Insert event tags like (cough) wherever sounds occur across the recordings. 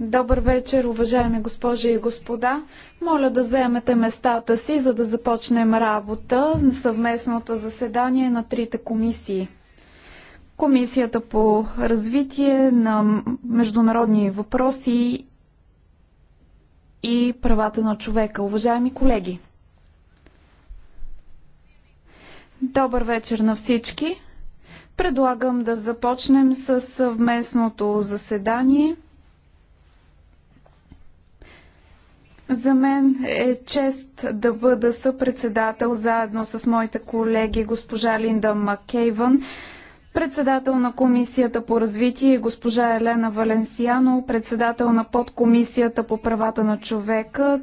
Добър вечер, уважаеми госпожи и господа. Моля да заемете местата си, за да започнем работа на съвместното заседание на трите комисии. Комисията по развитие на международни въпроси и правата на човека. Уважаеми колеги, добър вечер на всички. Предлагам да започнем с съвместното заседание. За мен е чест да бъда съпредседател заедно с моите колеги госпожа Линда Маккейвън, председател на Комисията по развитие и госпожа Елена Валенсиано, председател на подкомисията по правата на човека,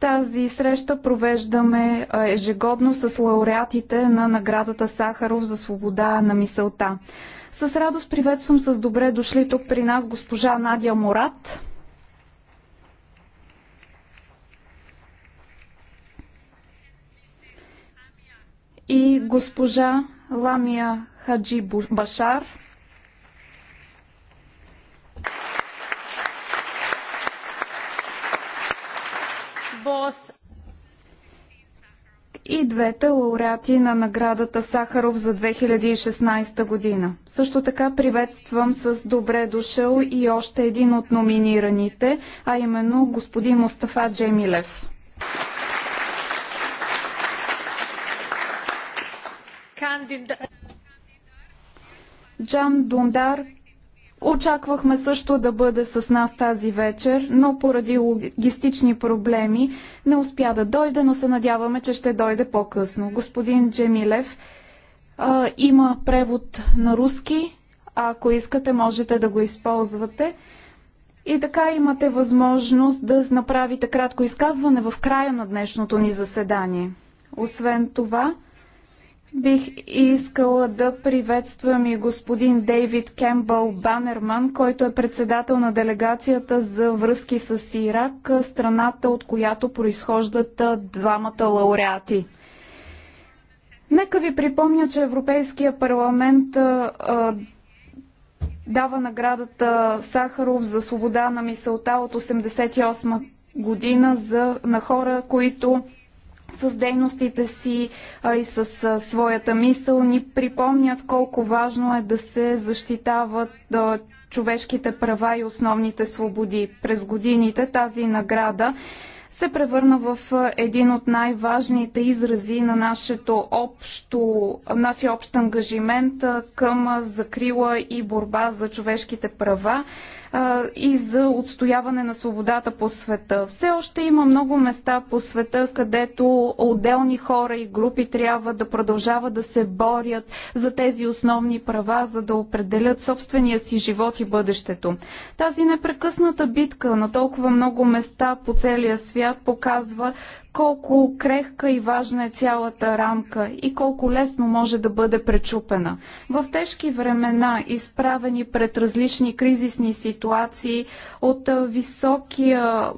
тази среща провеждаме ежегодно с лауреатите на наградата Сахаров за свобода на мисълта. С радост приветствам с добре дошли тук при нас госпожа Надя Морат. И госпожа Ламия Хаджи Башар – и двете лауреати на наградата Сахаров за 2016 година. Също така приветствам с добре дошъл и още един от номинираните, а именно господин Мустафа Джемилев. Джам Дундар Очаквахме също да бъде с нас тази вечер, но поради логистични проблеми не успя да дойде, но се надяваме, че ще дойде по-късно. Господин Джемилев а, има превод на руски, а ако искате, можете да го използвате. И така имате възможност да направите кратко изказване в края на днешното ни заседание. Освен това, Бих искала да приветствам и господин Дейвид Кембъл Банерман, който е председател на делегацията за връзки с Ирак, страната от която произхождат двамата лауреати. Нека ви припомня, че Европейския парламент а, дава наградата Сахаров за свобода на мисълта от 88- година за, на хора, които с дейностите си а и с своята мисъл ни припомнят колко важно е да се защитават а, човешките права и основните свободи. През годините тази награда се превърна в един от най-важните изрази на нашето общо, нашия общ ангажимент към закрила и борба за човешките права и за отстояване на свободата по света. Все още има много места по света, където отделни хора и групи трябва да продължават да се борят за тези основни права, за да определят собствения си живот и бъдещето. Тази непрекъсната битка на толкова много места по целия свят показва колко крехка и важна е цялата рамка и колко лесно може да бъде пречупена. В тежки времена, изправени пред различни кризисни ситуации, ситуации, от високия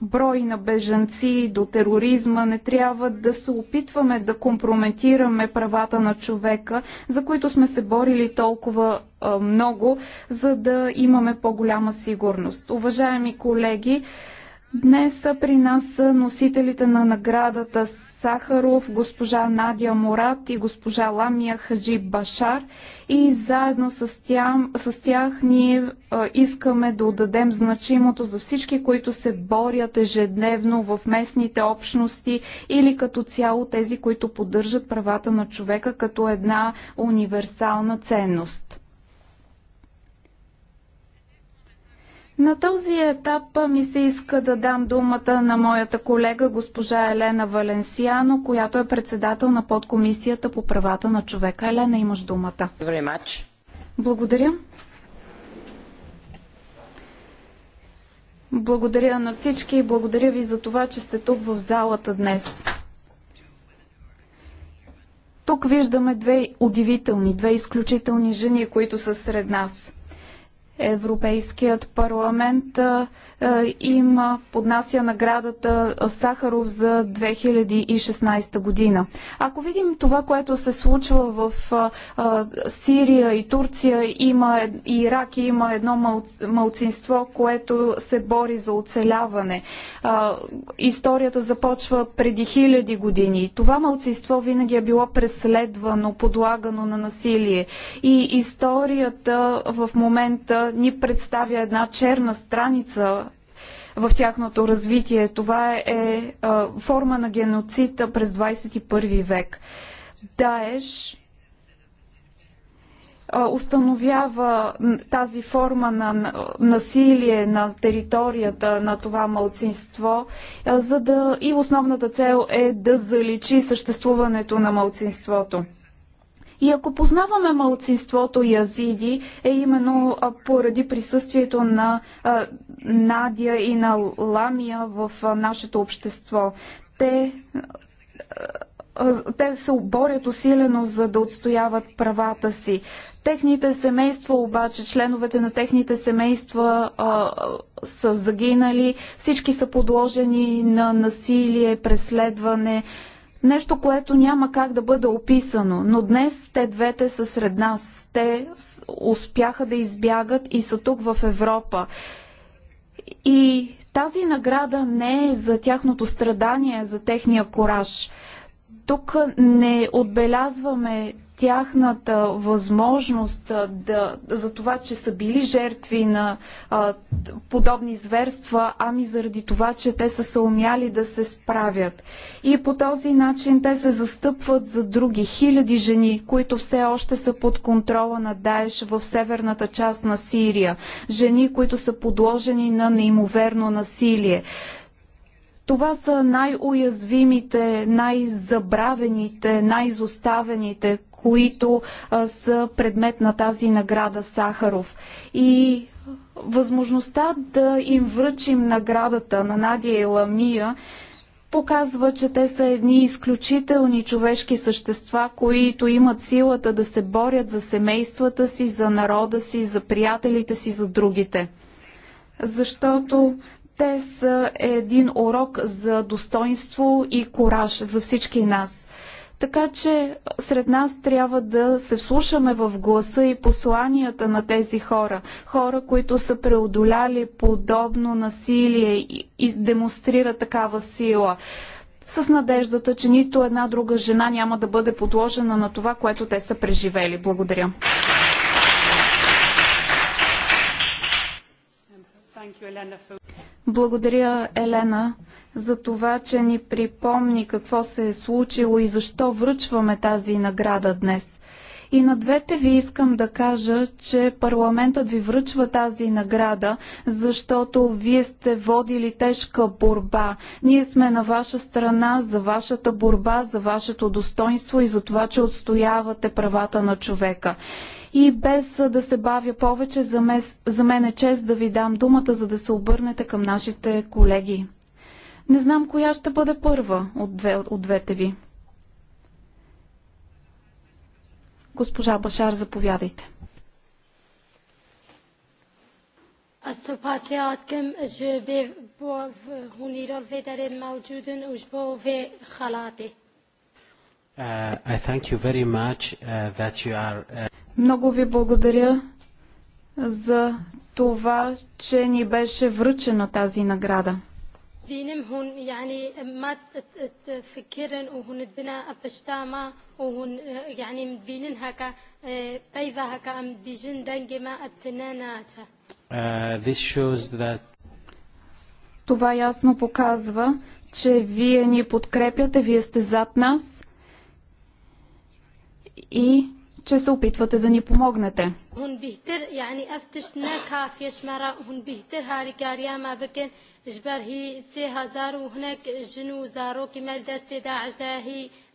брой на бежанци до тероризма, не трябва да се опитваме да компрометираме правата на човека, за които сме се борили толкова много, за да имаме по-голяма сигурност. Уважаеми колеги, Днес са при нас носителите на наградата Сахаров, госпожа Надя Мурат и госпожа Ламия Хаджи Башар и заедно с тях, с тях ние е, искаме да отдадем значимото за всички, които се борят ежедневно в местните общности или като цяло тези, които поддържат правата на човека като една универсална ценност. На този етап ми се иска да дам думата на моята колега госпожа Елена Валенсиано, която е председател на подкомисията по правата на човека. Елена, имаш думата. Благодаря. Благодаря на всички и благодаря ви за това, че сте тук в залата днес. Тук виждаме две удивителни, две изключителни жени, които са сред нас – Европейският парламент им поднася наградата Сахаров за 2016 година. Ако видим това, което се случва в Сирия и Турция, има и е, Ирак, има едно малцинство, което се бори за оцеляване. Историята започва преди хиляди години. Това малцинство винаги е било преследвано, подлагано на насилие. И историята в момента ни представя една черна страница в тяхното развитие. Това е, е форма на геноцид през 21 век. Даеш установява тази форма на насилие на територията на това малцинство, за да и основната цел е да заличи съществуването на малцинството. И ако познаваме малцинството язиди, е именно поради присъствието на Надя и на Ламия в нашето общество. Те те се борят усилено за да отстояват правата си. Техните семейства обаче, членовете на техните семейства а, са загинали, всички са подложени на насилие, преследване, Нещо, което няма как да бъде описано, но днес те двете са сред нас. Те успяха да избягат и са тук в Европа. И тази награда не е за тяхното страдание, за техния кораж. Тук не отбелязваме тяхната възможност да, за това, че са били жертви на а, подобни зверства, ами заради това, че те са се умяли да се справят. И по този начин те се застъпват за други хиляди жени, които все още са под контрола на Даеш в северната част на Сирия. Жени, които са подложени на неимоверно насилие. Това са най-уязвимите, най-забравените, най-изоставените, които а, са предмет на тази награда Сахаров. И възможността да им връчим наградата на Надя и Ламия показва, че те са едни изключителни човешки същества, които имат силата да се борят за семействата си, за народа си, за приятелите си, за другите. Защото те са един урок за достоинство и кораж за всички нас. Така че сред нас трябва да се вслушаме в гласа и посланията на тези хора. Хора, които са преодоляли подобно насилие и, и демонстрират такава сила. С надеждата, че нито една друга жена няма да бъде подложена на това, което те са преживели. Благодаря. Благодаря, Елена, за това, че ни припомни какво се е случило и защо връчваме тази награда днес. И на двете ви искам да кажа, че парламентът ви връчва тази награда, защото вие сте водили тежка борба. Ние сме на ваша страна за вашата борба, за вашето достоинство и за това, че отстоявате правата на човека. И без да се бавя повече, за, мес, за мен е чест да ви дам думата, за да се обърнете към нашите колеги. Не знам коя ще бъде първа от, две, от двете ви. Госпожа Башар, заповядайте. السباسي هاتكم جو بي هونيرال في دارين موجودين وش بو في خلاطي. I thank you very much uh, that you are uh... Много ви благодаря за това, че ни беше връчена тази награда. Това ясно показва, че вие ни подкрепяте, вие сте зад нас и че се опитвате да ни помогнете.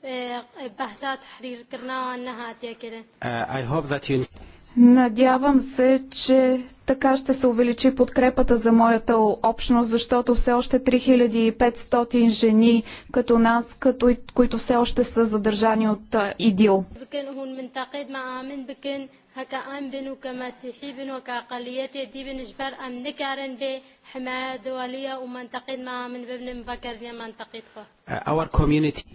E, e, uh, Надявам се, че така ще се увеличи подкрепата за моята общност, защото все още 3500 жени като нас, като, които все още са задържани от ИДИЛ. Our community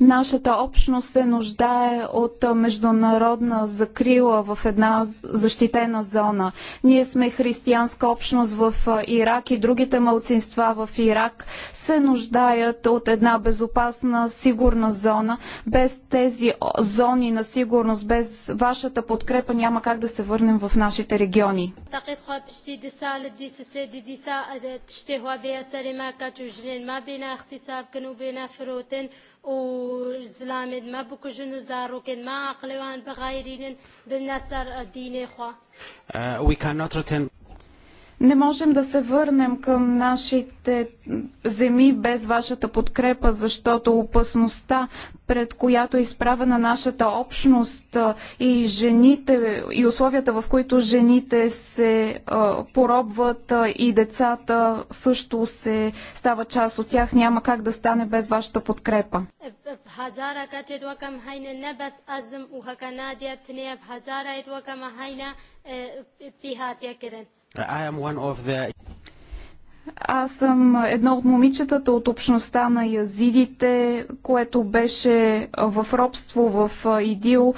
Нашата общност се нуждае от международна закрила в една защитена зона. Ние сме християнска общност в Ирак и другите малцинства в Ирак се нуждаят от една безопасна, сигурна зона. Без тези зони на сигурност, без вашата подкрепа няма как да се върнем в нашите региони. وزلامد ما بكجن وزاروكن ما عقلوان بغايرين بمناسر الدين إخوة. Uh, we cannot return. Не можем да се върнем към нашите земи без вашата подкрепа, защото опасността, пред която е изправена нашата общност и жените, и условията, в които жените се поробват и децата също се става част от тях, няма как да стане без вашата подкрепа. I am one of the... Аз съм едно от момичетата от общността на язидите, което беше в робство в Идил.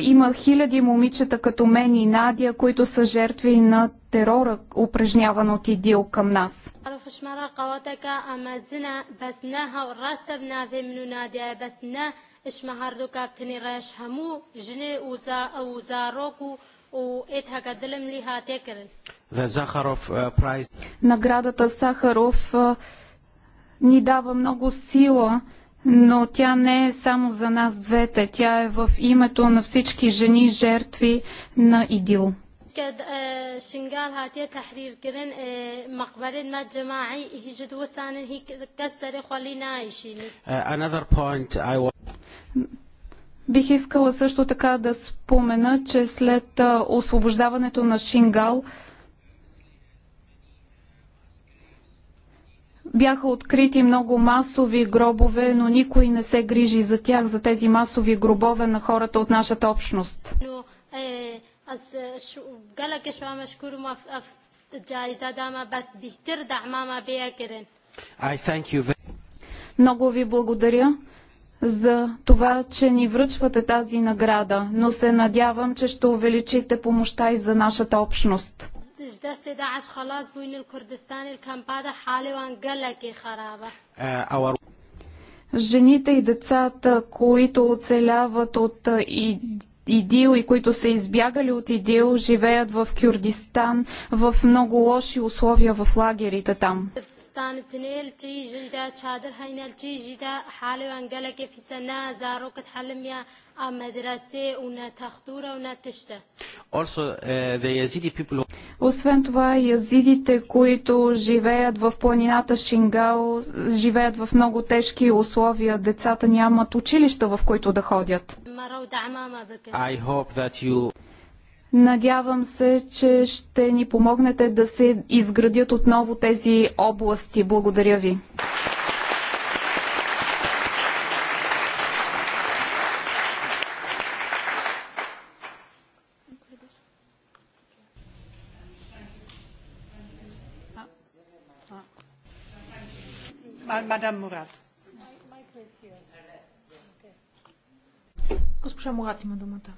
Има хиляди момичета като мен и Надя, които са жертви на терора, упражняван от Идил към нас. Uh, Наградата Сахаров ни дава много сила, но тя не е само за нас двете. Тя е в името на всички жени жертви на ИДИЛ. Е, Бих искала също така да спомена, че след освобождаването на Шингал бяха открити много масови гробове, но никой не се грижи за тях, за тези масови гробове на хората от нашата общност. Много ви благодаря за това, че ни връчвате тази награда, но се надявам, че ще увеличите помощта и за нашата общност. Е, Жените и децата, които оцеляват от ИДИЛ и които са избягали от ИДИЛ, живеят в Кюрдистан в много лоши условия в лагерите там. Uh, Освен това, язидите, които живеят в планината Шингал, живеят в много тежки условия. Децата нямат училища, в които да ходят. Надявам се, че ще ни помогнете да се изградят отново тези области. Благодаря ви. Мадам Мурат. Госпожа Мурат има думата.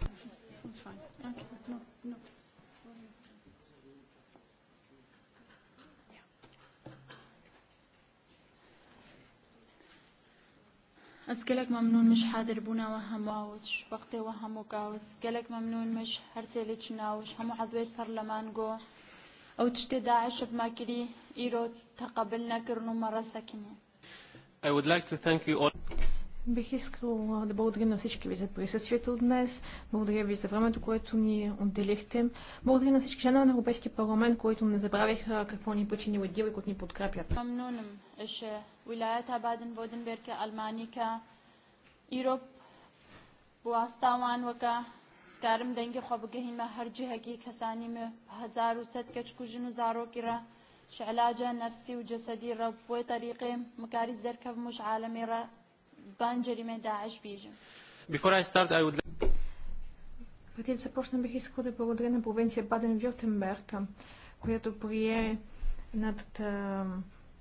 از گلک ممنون مش حاضر بونا و هماوش وقتی و همو کاوس گلک ممنون مش هر سیلی چناوش همو عضویت پرلمان گو او تشتی داعش بما كري ايرو تقبلنا كرنو مرة ساكنين I would like to thank you all. Бих искал да благодаря на всички ви за присъствието днес. Благодаря ви за времето, което ни отделихте. Благодаря на всички членове на Европейския парламент, които не забравиха какво ни причини от Ладил и които ни подкрепят. سکارم دەنگی خۆ بگەهین مە هەرجی هەکی کەسانی هزار و سەد کەچ شعلاجة نفسي وجسدي رب وطريقي مكاري زركب مش عالمي را بانجري من داعش بيجم Before I start, I would преди да започна, бих искала да благодаря на провинция Баден-Вюртенберг, която прие над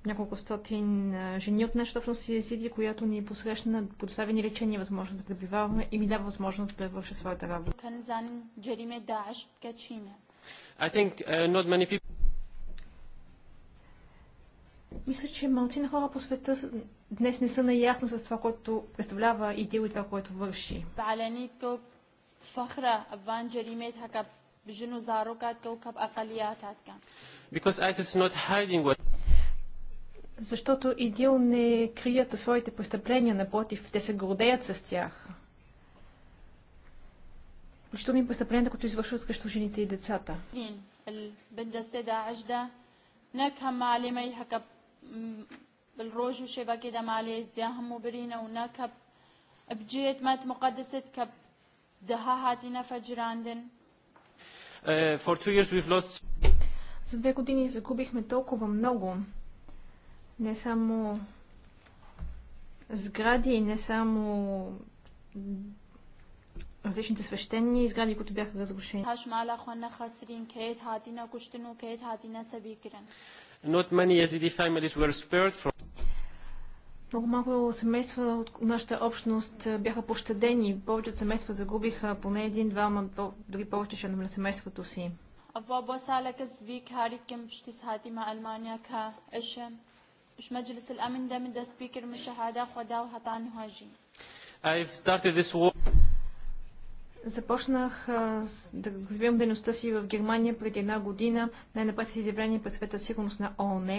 няколко стотин жени от нашата общност и езиди, която ни посрещна, предоставя ни лечение, възможност за пребиваване и ми дава възможност да върша своята работа. I think uh, not many people мисля, че малци на хора по света днес не са наясно с това, което представлява дело и това, което върши. Защото идил не крият своите престъпления, напротив, те се гордеят с тях. Включително и престъпленията, които извършват срещу жените и децата. بالڕۆژ و شێبەکێ دەمالێ زیا هەموو برینەوە نەکە بجێت مەت For two years we've lost За две години загубихме толкова много. Не само сгради, не само различните свещени сгради, които бяха разрушени. Not many Yazidi families were spared from много малко семейства от нашата общност бяха пощадени. Повече от семейства загубиха поне един, двама, дори повече членове на семейството си. بابا سالك زبيك هاري كم بشتي سهاتي مع ألمانيا كا إيش إيش مجلس الأمن ده من ده سبيكر مش هذا خدا وهطان هاجي I've started this war Започнах да развивам дейността си в Германия преди една година, най-напред с изявление пред света сигурност на ООН.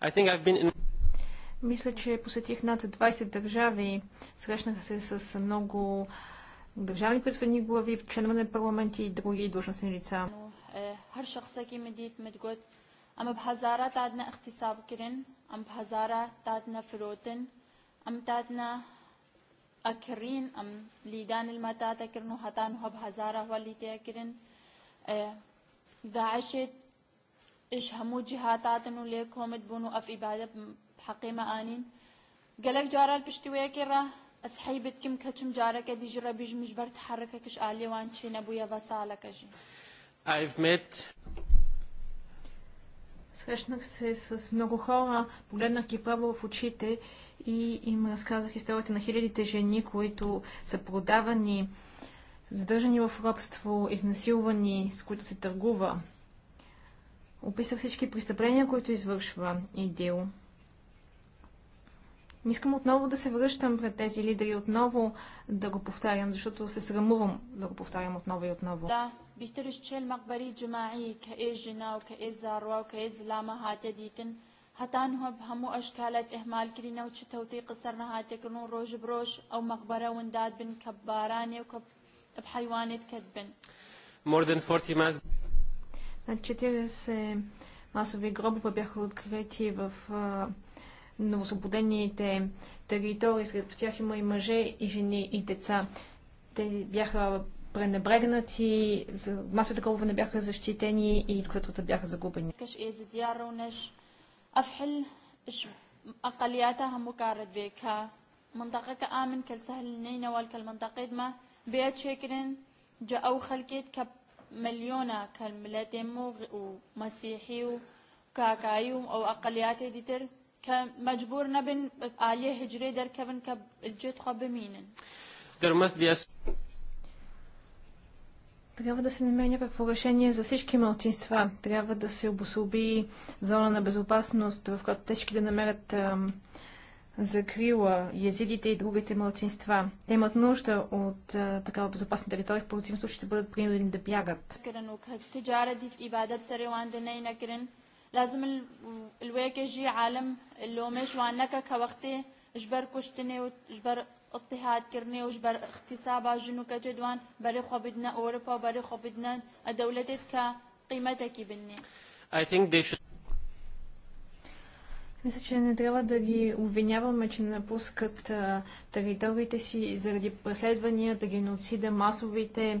Е, Мисля, че посетих над 20 държави. Срещнах се с много държавни представени глави, членове на парламенти и други длъжностни лица. Е, ئەمە بە هەزارە دادنە اقتصابکردن ئەم بە هەزارە دادنە فرۆتن ئەم دادنە ئەکرین ئەم لیدان المەتاتەکردن و هەتان هە بە هەزارە هەوە لیتەیەکردن داعشت ئش هەموو جهاتاتن و لێ کۆمت بوون و ئەف ئیبادە حەقیمە ئانین گەلەک جارال پشتیوەیەکی ڕە ئەسحەیبت کم کەچم جارەکە دیژرە بیژمش بەر تحرەکەکش ئالێوان چینە بووە بە ساڵەکەژی I've met Срещнах се с много хора, погледнах ги право в очите и им разказах историята на хилядите жени, които са продавани, задържани в робство, изнасилвани, с които се търгува. Описах всички престъпления, които извършва Идил. Не искам отново да се връщам пред тези лидери, отново да го повтарям, защото се срамувам да го повтарям отново и отново. Да, бихте ли счел макбари джумаи, кае е жена, кае заруа, кае е злама хате дитен, хатан хаб хаму ашкалат ехмал кирина, че тавти късарна хате кану рож брош, ау макбара вендад бин каббаране, каб абхайванет кадбен. More than 40 mass. На 40 масови гробове бяха открити в новосвободените територии. Сред тях има и мъже, и жени, и деца. Те бяха пренебрегнати, масовите кровове не бяха защитени и клетвата бяха загубени. منطقة كآمن كل سهل نينا والكل منطقة ما بيت شكرن جاءوا خلقيت كب مليونة كالملاتين مو ومسيحي وكاكايو أو أقلياتي ديتر که مجبور نبین آلیه هجری در کبن كبن كب الجيت خو بمينن трябва да се намери какво решение за всички малцинства. Трябва да се обособи зона на безопасност, в която те ще да намерят закрила езидите и другите малцинства. Те имат нужда от такава безопасна територия, в противен случай ще бъдат принудени да бягат. لازم الويك يجي عالم اللي مش وانك كوقتي اجبر كشتني واجبر اضطهاد كرني واجبر اختسابا جنو كجدوان بري خو بدنا اوروبا وبري خو بدنا دولتك كقيمتك بني I think they should мисля, че не трябва да ги обвиняваме, че напускат а, териториите си заради преследванията, геноцида, масовите а,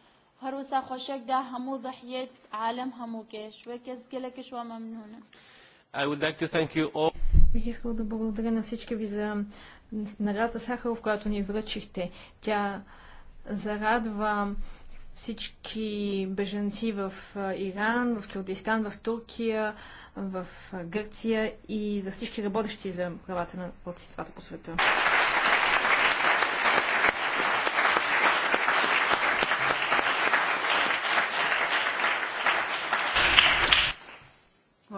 هەروسا ده همو دەحیێت عالم هەموو کێش وە کەس گەلەکەش وە مەمنونە I would like to thank you all. Бих искал да благодаря на всички ви за наградата Сахаров, която ни връчихте. Тя зарадва всички беженци в Иран, в Кюрдистан, в Туркия, в Гърция и за всички работещи за правата на младсинствата по света.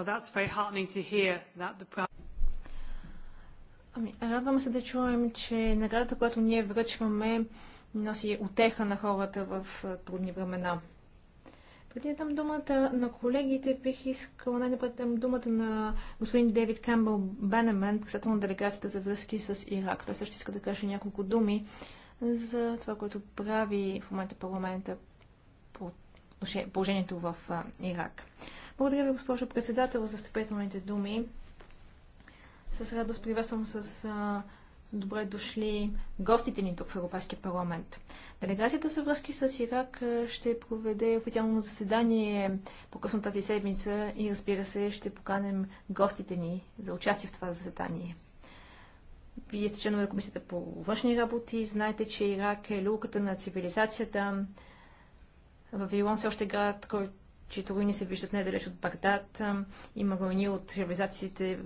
Well, that's very heartening to hear that the Ами, радваме се да чуем, че наградата, която ние връчваме, носи отеха на хората в трудни времена. Преди да дам думата на колегите, бих искала най-напред да дам думата на господин Дейвид Кембъл Бенемен, председател на делегацията за връзки с Ирак. Той също иска да каже няколко думи за това, което прави в момента парламента по положението в Ирак. Благодаря ви, госпожо председател, за встъпителните думи. С радост приветствам с добре дошли гостите ни тук в Европейския парламент. Делегацията за връзки с Ирак ще проведе официално заседание по-късно тази седмица и разбира се ще поканем гостите ни за участие в това заседание. Вие сте членове на Комисията по външни работи, знаете, че Ирак е люката на цивилизацията. Вавилон се още е град, който чието войни се виждат недалеч от Багдад. Има войни от реализациите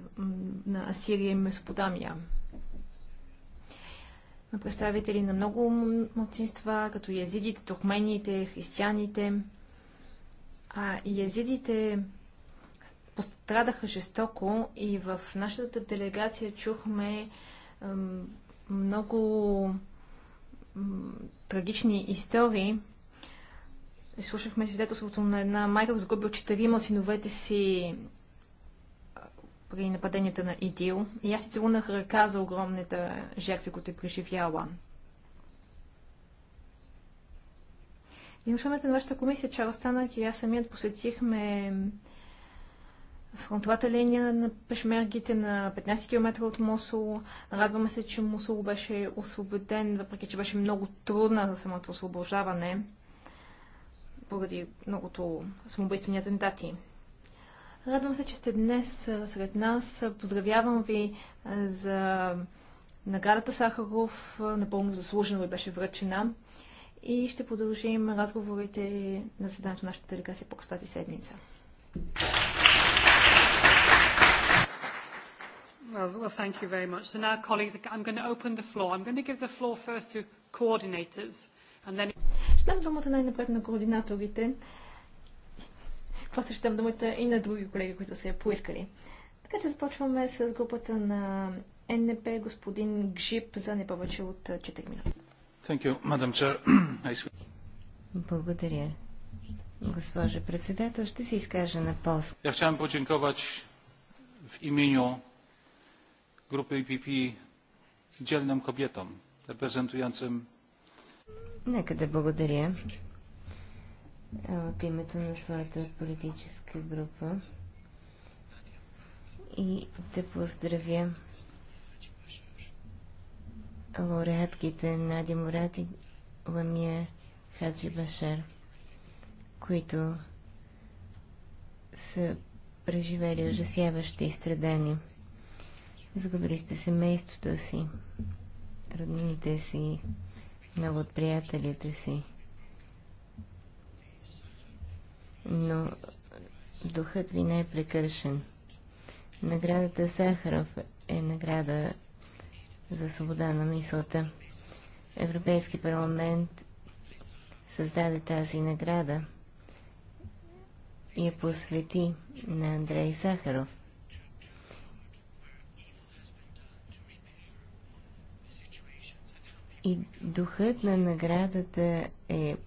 на Асирия и Месопотамия. На представители на много младсинства, като язидите, тухмените, християните. А язидите пострадаха жестоко и в нашата делегация чухме много трагични истории Слушахме свидетелството на една майка, загубил четирима от синовете си при нападенията на ИДИЛ. И аз си целунах ръка за огромните жертви, които е преживяла. И на на вашата комисия, Чарлз Танък и аз самият посетихме фронтовата линия на пешмергите на 15 км от Мусул. Радваме се, че Мусул беше освободен, въпреки че беше много трудна за самото освобождаване поради многото самоубийствени атентати. Радвам се, че сте днес сред нас. Поздравявам ви за наградата Сахаров. Напълно заслужено ви беше връчена. И ще продължим разговорите на заседанието на нашата делегация по тази седмица. Well, well, thank you very much. So now, colleagues, I'm going to open the floor. I'm going to give the floor first to coordinators, and then... Ще дам думата най-напред на координаторите. После ще дам думата и на други колеги, които са я поискали. Така че започваме с групата на НП господин Гжип за не повече от 4 минути. You, (clears throat) Благодаря. Госпожа председател, ще се изкажа на полски. Я chciałem podziękować в imieniu групи ПП dzielnym кобетам, репрезентуянцем Нека да благодаря от името на своята политическа група и да поздравя лауреатките Нади Мурат и Ламия Хаджи Башар, които са преживели ужасяващи страдания. Загубили сте семейството си, роднините си, много от приятелите си. Но духът ви не е прекършен. Наградата Сахаров е награда за свобода на мисълта. Европейски парламент създаде тази награда и я посвети на Андрей Сахаров. И духът на наградата е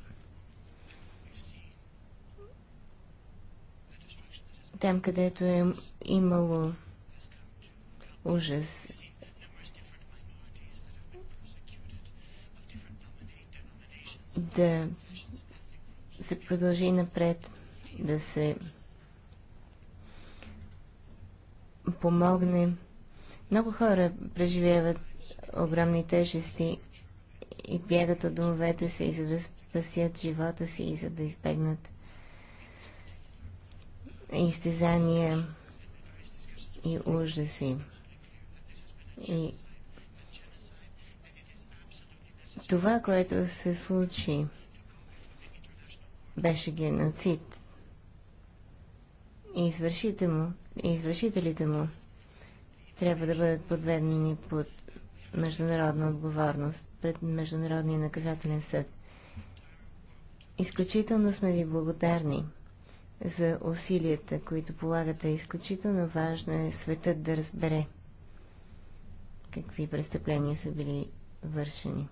там, където е имало ужас. Да се продължи напред, да се помогне. Много хора преживяват огромни тежести и бягат от домовете си, и за да спасят живота си, и за да избегнат изтезания и ужаси. И това, което се случи, беше геноцид. И му, извършителите му трябва да бъдат подведени под международна отговорност пред Международния наказателен съд. Изключително сме ви благодарни за усилията, които полагате. Изключително важно е светът да разбере какви престъпления са били вършени.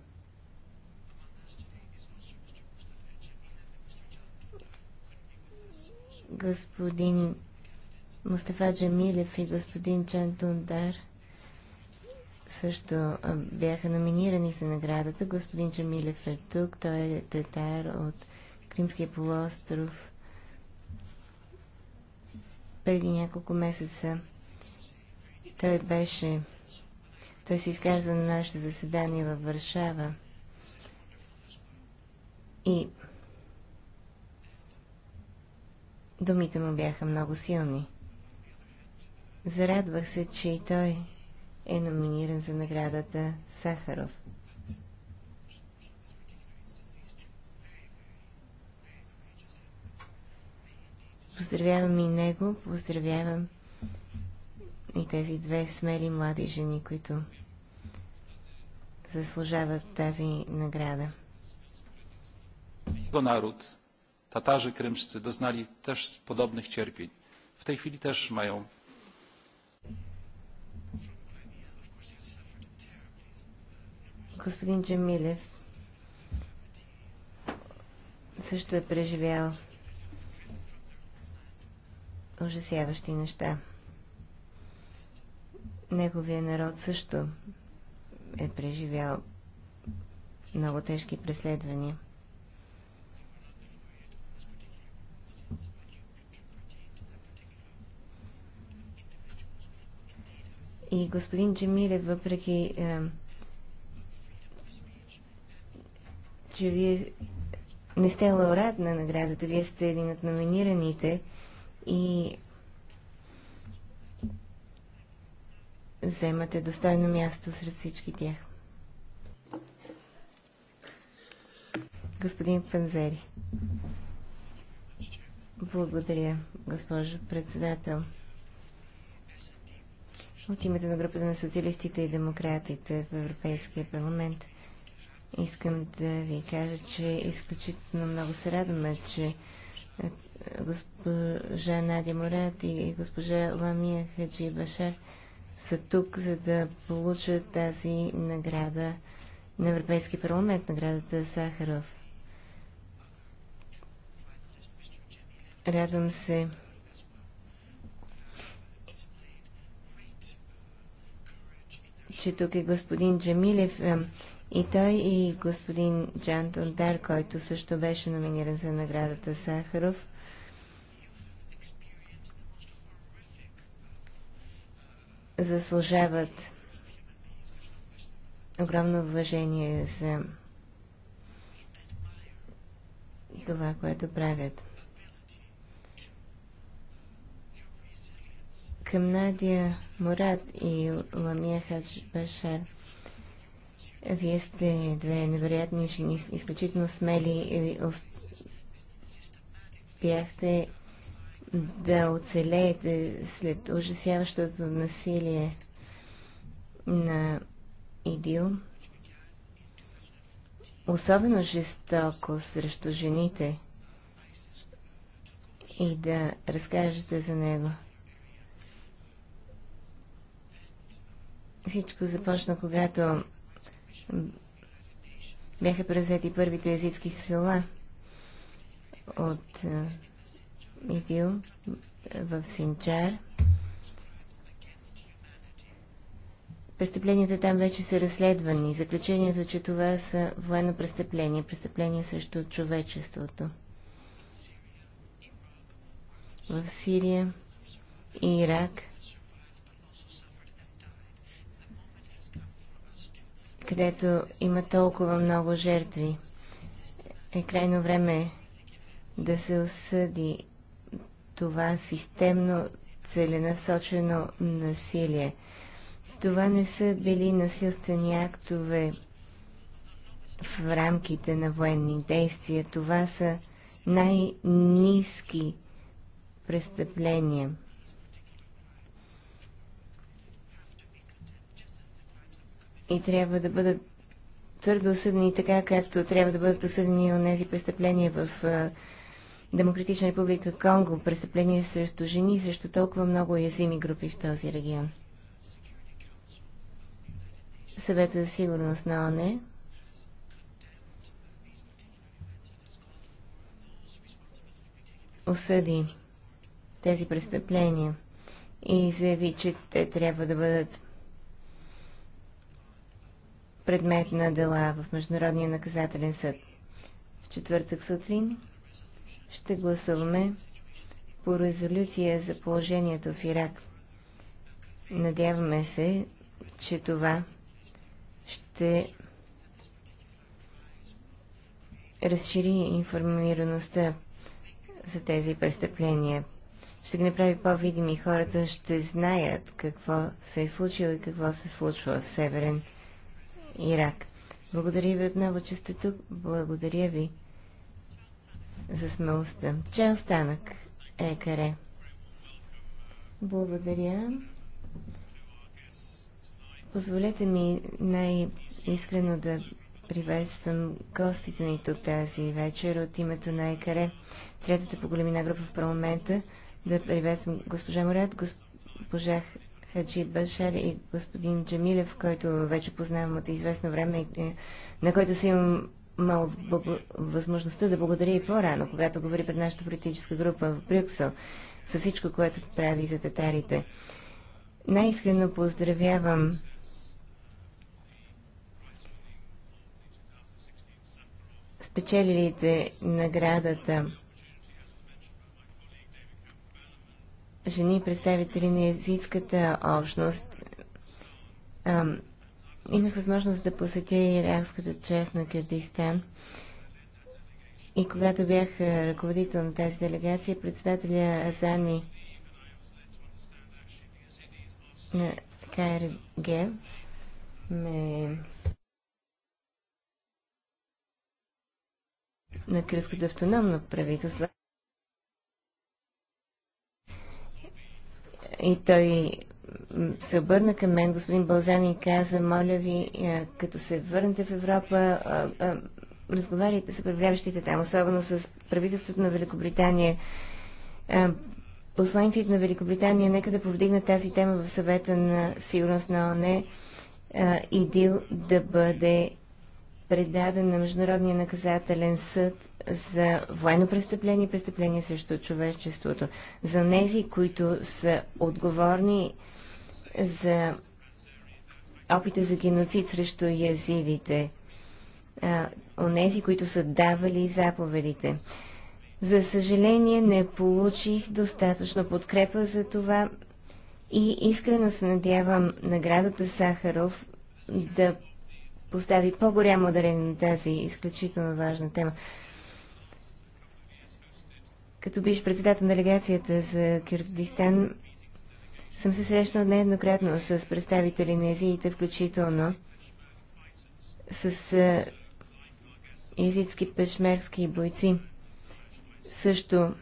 Господин Мустафа Джамилев и господин Чан Тундар – също бяха номинирани за наградата. Господин Джамилев е тук. Той е татар от Кримския полуостров. Преди няколко месеца той беше... Той се изказа на нашето заседание във Варшава. И думите му бяха много силни. Зарадвах се, че и той е номиниран за наградата Сахаров. Поздравявам и него, поздравявам и тези две смели млади жени, които заслужават тази награда. Jego naród, Tatarzy krymscy, doznali теж podobnych cierpień. В tej хвили теж mają Господин Джамилев също е преживял ужасяващи неща. Неговия народ също е преживял много тежки преследвания. И господин Джамилев, въпреки е, че вие не сте лауреат на наградата, вие сте един от номинираните и вземате достойно място сред всички тях. Господин Панзери. Благодаря, госпожо председател. От името на групата на социалистите и демократите в Европейския парламент – Искам да ви кажа, че изключително много се радваме, че е, госпожа Нади Морат и госпожа Ламия Хаджи Башар са тук, за да получат тази награда на Европейски парламент, наградата Сахаров. Радвам се, че тук е господин Джамилев и той и господин Джан Тонтар, който също беше номиниран за наградата Сахаров, заслужават огромно уважение за това, което правят. Към Надия Мурат и Ламия Хадж Башар – вие сте две невероятни жени, изключително смели. Успяхте да оцелеете след ужасяващото насилие на Идил. Особено жестоко срещу жените и да разкажете за него. Всичко започна, когато бяха превзети първите езитски села от е, Идил в Синчар. Престъпленията там вече са разследвани. Заключението, е, че това са военно престъпление, престъпление срещу човечеството. В Сирия и Ирак – където има толкова много жертви. Е крайно време да се осъди това системно целенасочено насилие. Това не са били насилствени актове в рамките на военни действия. Това са най-низки престъпления. и трябва да бъдат твърдо осъдени така, както трябва да бъдат осъдени от тези престъпления в а, Демократична република Конго, престъпления срещу жени, срещу толкова много уязвими групи в този регион. Съвета за сигурност на ОНЕ осъди тези престъпления и заяви, че те трябва да бъдат предмет на дела в Международния наказателен съд. В четвъртък сутрин ще гласуваме по резолюция за положението в Ирак. Надяваме се, че това ще разшири информираността за тези престъпления. Ще ги направи по-видими. Хората ще знаят какво се е случило и какво се случва в Северен Ирак. Благодаря ви отново, че сте тук. Благодаря ви за смелостта. е останък Екаре. Благодаря. Позволете ми най-искрено да приветствам гостите ни тук тази вечер от името на Екаре, третата по големина група в парламента. Да приветствам госпожа Морят, госпожа Хаджи Башар и господин Джамилев, който вече познавам от известно време, е, на който си имам мал възможността да благодаря и по-рано, когато говори пред нашата политическа група в Брюксел за всичко, което прави за татарите. Най-искрено поздравявам спечелилите наградата жени представители на езийската общност. Ам, имах възможност да посетя иракската част на Кюрдистан. И когато бях ръководител на тази делегация, председателя Азани на КРГ ме на кирското автономно правителство и той се обърна към мен, господин Балзан, и каза, моля ви, е, като се върнете в Европа, е, е, разговаряйте с управляващите там, особено с правителството на Великобритания. Посланиците на Великобритания нека да повдигнат тази тема в съвета на сигурност на ОНЕ и ДИЛ да бъде предаден на Международния наказателен съд за военно престъпление и престъпление срещу човечеството. За нези, които са отговорни за опита за геноцид срещу язидите, онези, които са давали заповедите. За съжаление не получих достатъчно подкрепа за това и искрено се надявам наградата Сахаров да постави по-голямо ударение на тази изключително важна тема. Като биш председател на делегацията за Кюрдистан, съм се срещнал нееднократно с представители на езиите, включително с езитски пешмерски бойци, също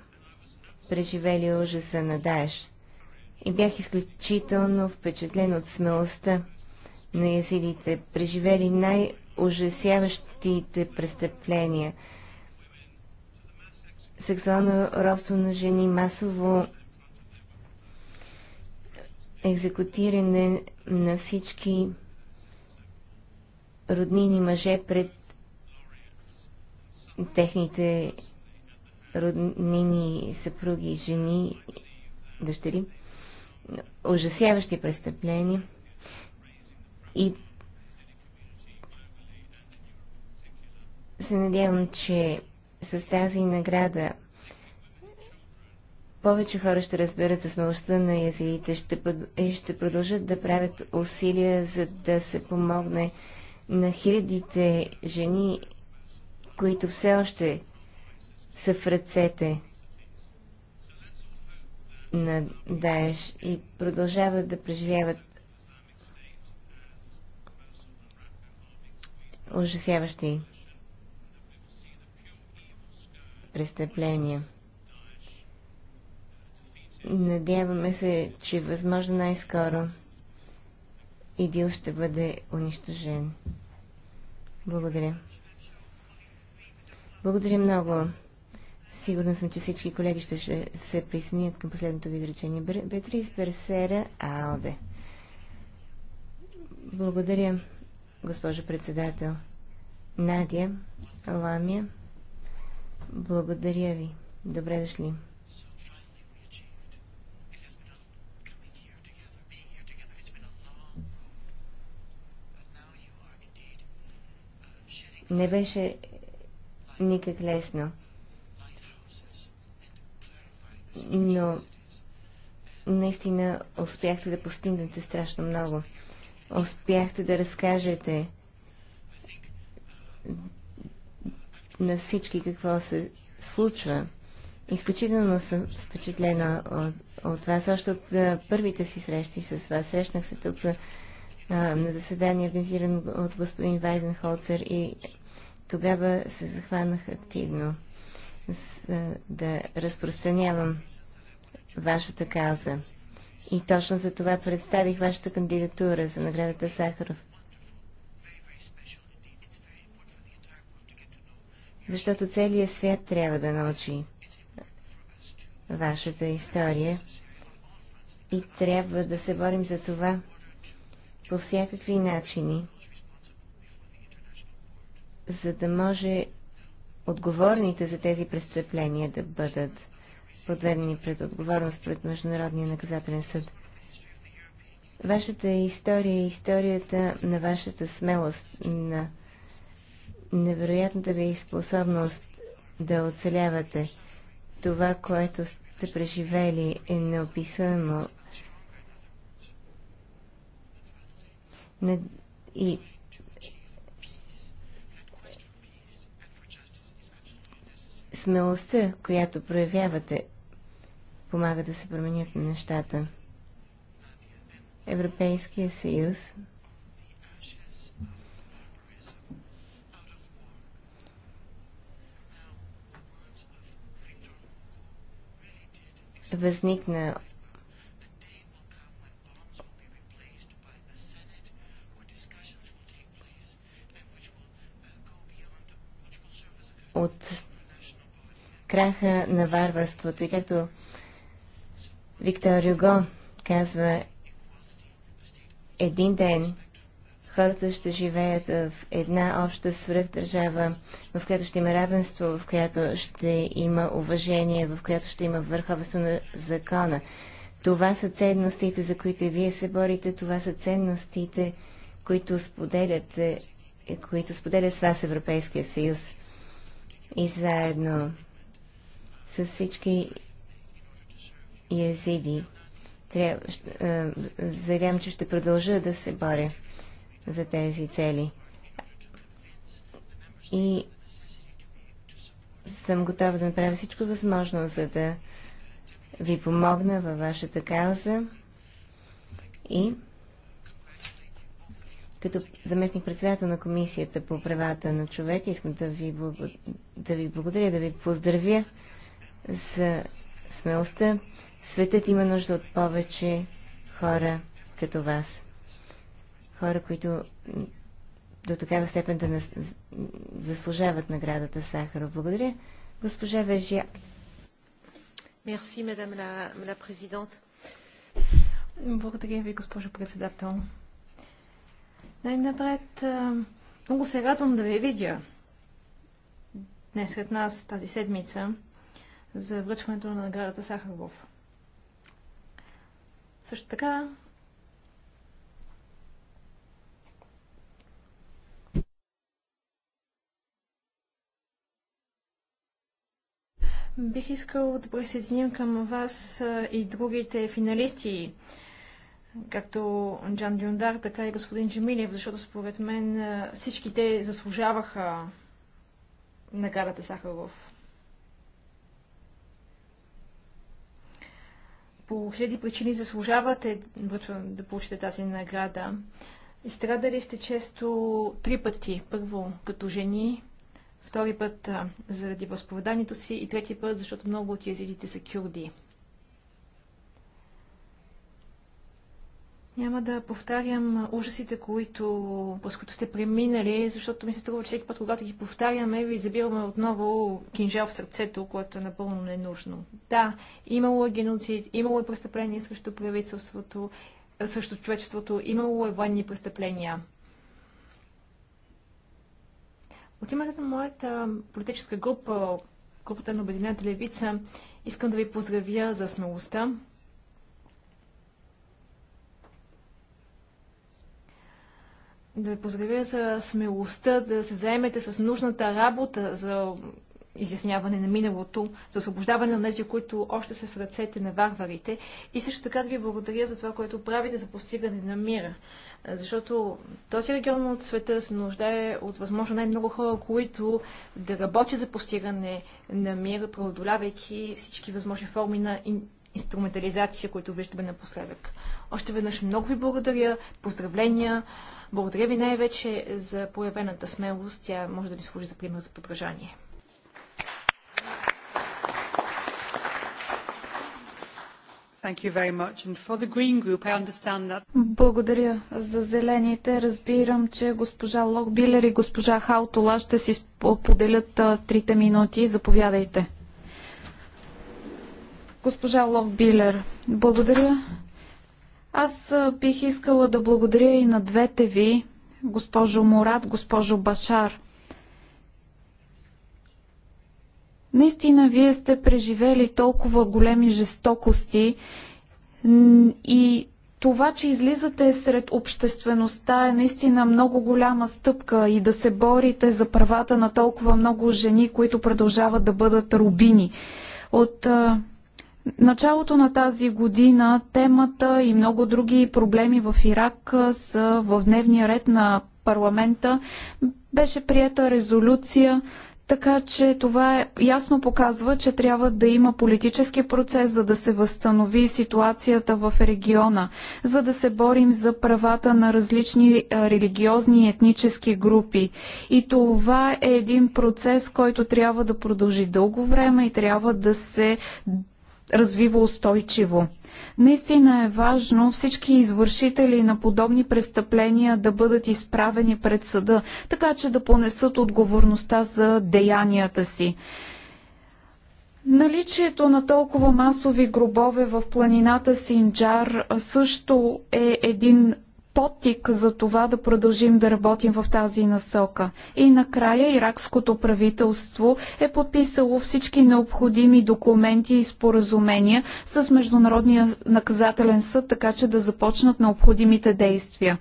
преживели ужаса на Даеш. И бях изключително впечатлен от смелостта на езидите, преживели най-ужасяващите престъпления. Сексуално робство на жени, масово екзекутиране на всички роднини мъже пред техните роднини, съпруги, жени, дъщери. Ужасяващи престъпления. И се надявам, че с тази награда повече хора ще разберат за смелостта на язиите и ще продължат да правят усилия, за да се помогне на хилядите жени, които все още са в ръцете на Даеш и продължават да преживяват ужасяващи престъпления. Надяваме се, че възможно най-скоро Идил ще бъде унищожен. Благодаря. Благодаря много. Сигурна съм, че всички колеги ще, се присъединят към последното ви изречение. Бетрис Берсера Алде. Благодаря госпожо председател. Надя, Ламия, благодаря ви. Добре дошли. Не беше никак лесно. Но наистина успяхте да постигнете страшно много успяхте да разкажете на всички какво се случва. Изключително съм впечатлена от, от вас. Още от а, първите си срещи с вас. Срещнах се тук а, на заседание, организирано от господин Вайден Холцер и тогава се захванах активно с, а, да разпространявам вашата каза. И точно за това представих вашата кандидатура за наградата Сахаров. Защото целият свят трябва да научи вашата история и трябва да се борим за това по всякакви начини, за да може отговорните за тези престъпления да бъдат подведени пред отговорност пред Международния наказателен съд. Вашата история е историята на вашата смелост, на невероятната ви способност да оцелявате, това, което сте преживели, е неописуемо. И смелостта, която проявявате, помага да се променят нещата. Европейския съюз възникна краха на варварството. И както Виктор Юго казва, един ден хората ще живеят в една обща свръхдържава, в която ще има равенство, в която ще има уважение, в която ще има върховенство на закона. Това са ценностите, за които и вие се борите, това са ценностите, които споделяте, които споделя с вас Европейския съюз. И заедно с всички язиди. Трябва, е, заявявам, че ще продължа да се боря за тези цели. И съм готова да направя всичко възможно, за да ви помогна във вашата кауза и като заместник председател на Комисията по правата на човека искам да ви, благо... да ви благодаря, да ви поздравя за смелостта. Светът има нужда от повече хора като вас. Хора, които до такава степен да заслужават наградата Сахаров. Благодаря. Госпожа Вежия. Мерси, мадам ла президент. Благодаря ви, госпожо председател. Най-напред, много се радвам да ви видя днес след нас тази седмица за връчването на наградата Сахаров. Също така Бих искал да присъединим към вас и другите финалисти, както Джан Дюндар, така и господин Джамилев, защото според мен всички те заслужаваха наградата Сахаров. по хиляди причини заслужавате да получите тази награда. Страдали сте често три пъти. Първо като жени, втори път заради възповеданието си и трети път, защото много от язидите са кюрди. Няма да повтарям ужасите, които, с които сте преминали, защото ми се струва, че всеки път, когато ги повтаряме, ви забираме отново кинжал в сърцето, което е напълно ненужно. Да, имало е геноцид, имало е престъпление срещу правителството, срещу човечеството, имало е военни престъпления. От името на моята политическа група, групата на Обединената левица, искам да ви поздравя за смелостта, да ви поздравя за смелостта да се заемете с нужната работа за изясняване на миналото, за освобождаване на тези, които още са в ръцете на варварите. И също така да ви благодаря за това, което правите за постигане на мира. Защото този регион от света се нуждае от възможно най-много хора, които да работят за постигане на мир, преодолявайки всички възможни форми на инструментализация, които виждаме напоследък. Още веднъж много ви благодаря, поздравления, благодаря ви най-вече за появената смелост. Тя може да ни служи за пример за подражание. Благодаря за зелените. Разбирам, че госпожа Локбилер и госпожа Хаутола ще си поделят трите минути. Заповядайте. Госпожа Локбилер, благодаря. Аз бих искала да благодаря и на двете ви, госпожо Мурат, госпожо Башар. Наистина, вие сте преживели толкова големи жестокости и това, че излизате сред обществеността е наистина много голяма стъпка и да се борите за правата на толкова много жени, които продължават да бъдат рубини. От Началото на тази година темата и много други проблеми в Ирак са в дневния ред на парламента. Беше прията резолюция, така че това е, ясно показва, че трябва да има политически процес, за да се възстанови ситуацията в региона, за да се борим за правата на различни религиозни и етнически групи. И това е един процес, който трябва да продължи дълго време и трябва да се развива устойчиво. Наистина е важно всички извършители на подобни престъпления да бъдат изправени пред съда, така че да понесат отговорността за деянията си. Наличието на толкова масови гробове в планината Синджар също е един потик за това да продължим да работим в тази насока. И накрая иракското правителство е подписало всички необходими документи и споразумения с Международния наказателен съд, така че да започнат необходимите действия.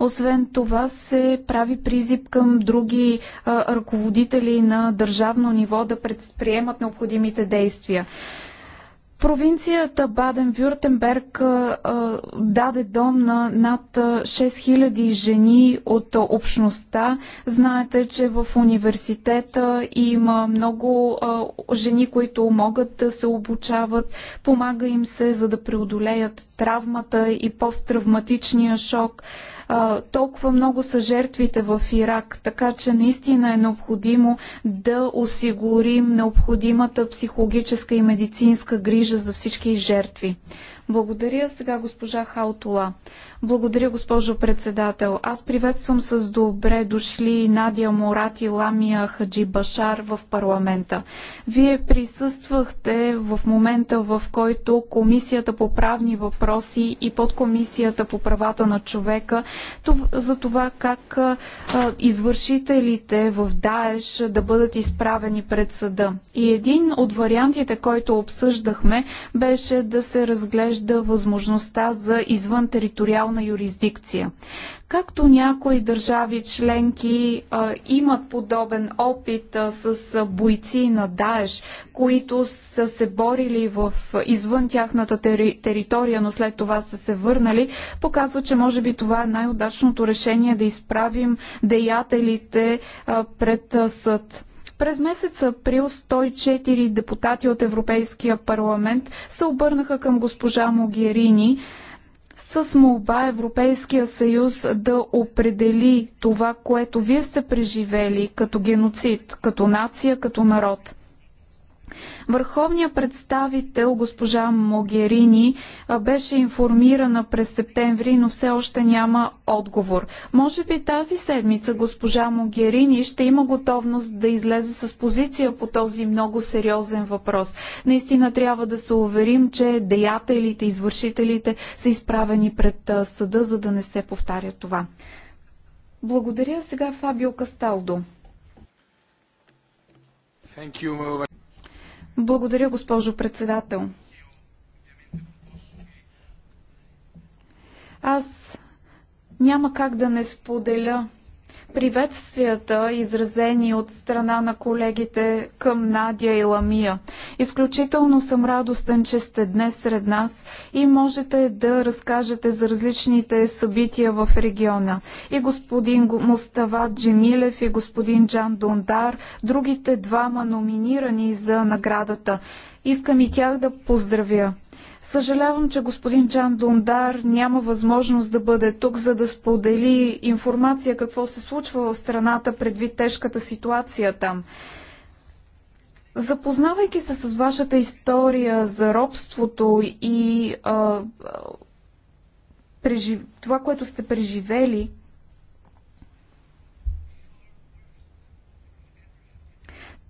Освен това се прави призив към други а, ръководители на държавно ниво да предприемат необходимите действия. Провинцията Баден-Вюртенберг даде дом на над 6000 жени от общността. Знаете, че в университета има много жени, които могат да се обучават. Помага им се, за да преодолеят травмата и посттравматичния шок толкова много са жертвите в Ирак, така че наистина е необходимо да осигурим необходимата психологическа и медицинска грижа за всички жертви. Благодаря сега госпожа Хаутола. Благодаря, госпожо председател. Аз приветствам с добре дошли Надя Мурат и Ламия Хаджи Башар в парламента. Вие присъствахте в момента, в който Комисията по правни въпроси и подкомисията по правата на човека за това как извършителите в Даеш да бъдат изправени пред съда. И един от вариантите, който обсъждахме, беше да се разглежда възможността за извън териториално специална юрисдикция. Както някои държави членки а, имат подобен опит а, с а, бойци на Даеш, които са се борили в, извън тяхната тери, територия, но след това са се върнали, показва, че може би това е най-удачното решение да изправим деятелите а, пред а, съд. През месец април 104 депутати от Европейския парламент се обърнаха към госпожа Могерини с молба Европейския съюз да определи това, което вие сте преживели като геноцид, като нация, като народ. Върховният представител госпожа Могерини беше информирана през септември, но все още няма отговор. Може би тази седмица госпожа Могерини ще има готовност да излезе с позиция по този много сериозен въпрос. Наистина трябва да се уверим, че деятелите, извършителите са изправени пред съда, за да не се повтаря това. Благодаря сега Фабио Касталдо. Благодаря, госпожо председател. Аз няма как да не споделя приветствията, изразени от страна на колегите към Надя и Ламия. Изключително съм радостен, че сте днес сред нас и можете да разкажете за различните събития в региона. И господин Мустава Джемилев и господин Джан Дондар, другите двама номинирани за наградата. Искам и тях да поздравя. Съжалявам, че господин Чан Дундар няма възможност да бъде тук, за да сподели информация какво се случва в страната предвид тежката ситуация там. Запознавайки се с вашата история за робството и а, а, прежив... това, което сте преживели,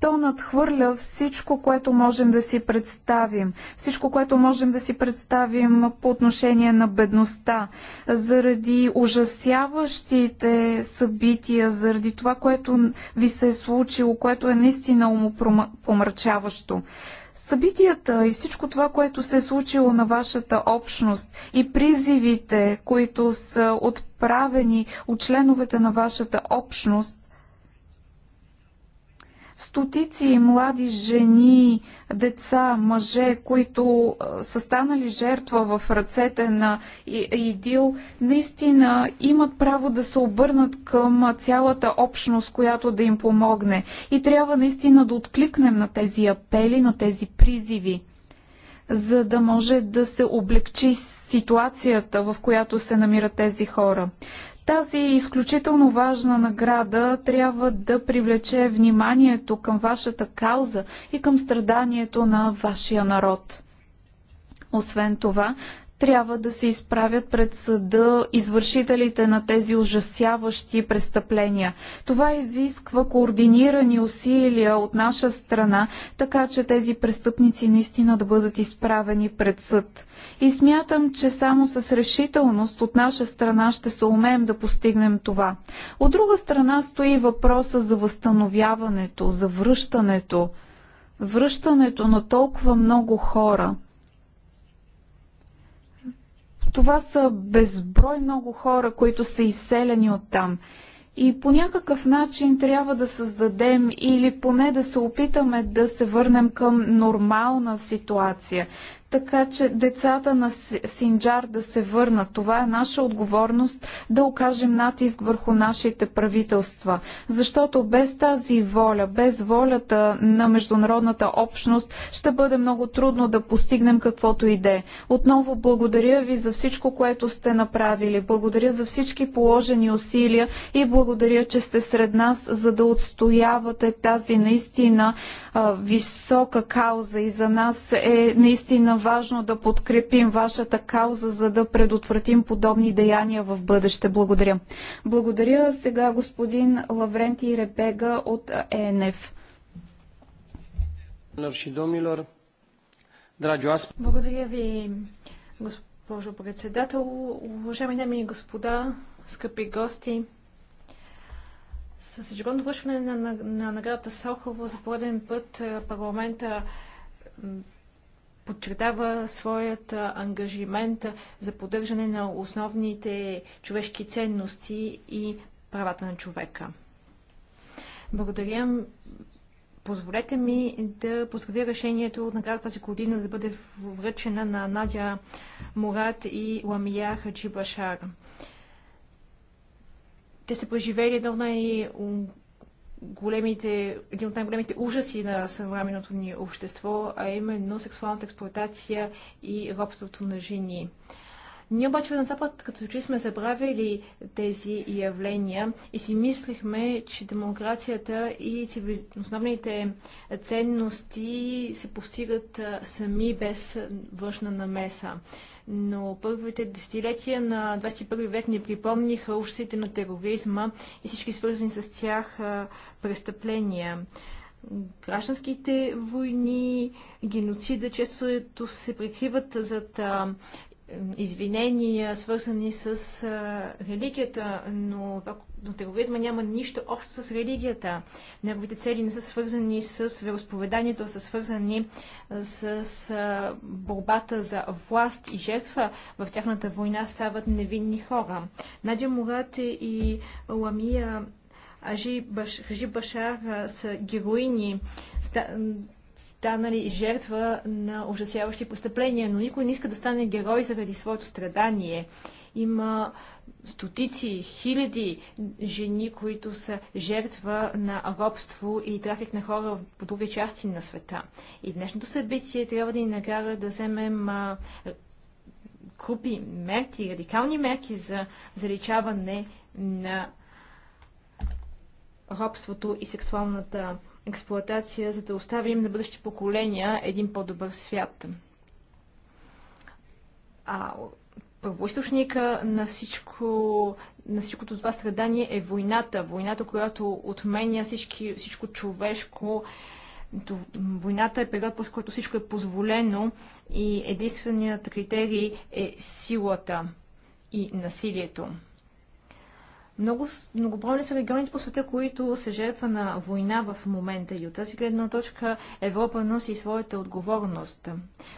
то надхвърля всичко, което можем да си представим. Всичко, което можем да си представим по отношение на бедността, заради ужасяващите събития, заради това, което ви се е случило, което е наистина умопомрачаващо събитията и всичко това, което се е случило на вашата общност и призивите, които са отправени от членовете на вашата общност, стотици млади жени, деца, мъже, които са станали жертва в ръцете на ИДИЛ, наистина имат право да се обърнат към цялата общност, която да им помогне. И трябва наистина да откликнем на тези апели, на тези призиви за да може да се облегчи ситуацията, в която се намират тези хора. Тази изключително важна награда трябва да привлече вниманието към вашата кауза и към страданието на вашия народ. Освен това, трябва да се изправят пред съда извършителите на тези ужасяващи престъпления. Това изисква координирани усилия от наша страна, така че тези престъпници наистина да бъдат изправени пред съд. И смятам, че само с решителност от наша страна ще се умеем да постигнем това. От друга страна стои въпроса за възстановяването, за връщането, връщането на толкова много хора – това са безброй много хора, които са изселени от там. И по някакъв начин трябва да създадем или поне да се опитаме да се върнем към нормална ситуация така че децата на Синджар да се върнат. Това е наша отговорност да окажем натиск върху нашите правителства. Защото без тази воля, без волята на международната общност, ще бъде много трудно да постигнем каквото и де. Отново благодаря ви за всичко, което сте направили. Благодаря за всички положени усилия и благодаря, че сте сред нас, за да отстоявате тази наистина висока кауза и за нас е наистина важно да подкрепим вашата кауза, за да предотвратим подобни деяния в бъдеще. Благодаря. Благодаря сега господин Лавренти Репега от ЕНФ. Благодаря ви, госпожо председател. Уважаеми дами и господа, скъпи гости, с ежегодно връщане на, на, на наградата Сохова за пореден път е, парламента подчертава своят е, ангажимент е, за поддържане на основните човешки ценности и правата на човека. Благодаря. Позволете ми да поздравя решението от наградата тази година да бъде връчена на Надя Мурат и Ламия Хаджибашар. Те са преживели едно най- големите, един от най-големите ужаси на съвременното ни общество, а именно сексуалната експлуатация и робството на жени. Ние обаче на Запад като че сме забравили тези явления и си мислихме, че демокрацията и основните ценности се постигат сами без външна намеса но първите десетилетия на 21 век ни припомниха ужасите на тероризма и всички свързани с тях престъпления. Гражданските войни, геноцида често се прикриват зад извинения, свързани с религията, но, но тероризма няма нищо общо с религията. Неговите цели не са свързани с вероисповеданието, са свързани с, а, борбата за власт и жертва. В тяхната война стават невинни хора. Надя Мурат и Ламия Ажи Баш, Башар са героини станали жертва на ужасяващи престъпления, но никой не иска да стане герой заради своето страдание. Има стотици, хиляди жени, които са жертва на робство и трафик на хора по други части на света. И днешното събитие трябва да ни накара да вземем крупи групи мерки, радикални мерки за заличаване на робството и сексуалната експлоатация, за да оставим на бъдещи поколения един по-добър свят. А първоисточника на всичко, на всичкото това страдание е войната. Войната, която отменя всички, всичко човешко. Войната е период, през който всичко е позволено и единственият критерий е силата и насилието. Много, многобройни са регионите по света, които се жертва на война в момента и от тази гледна точка Европа носи своята отговорност.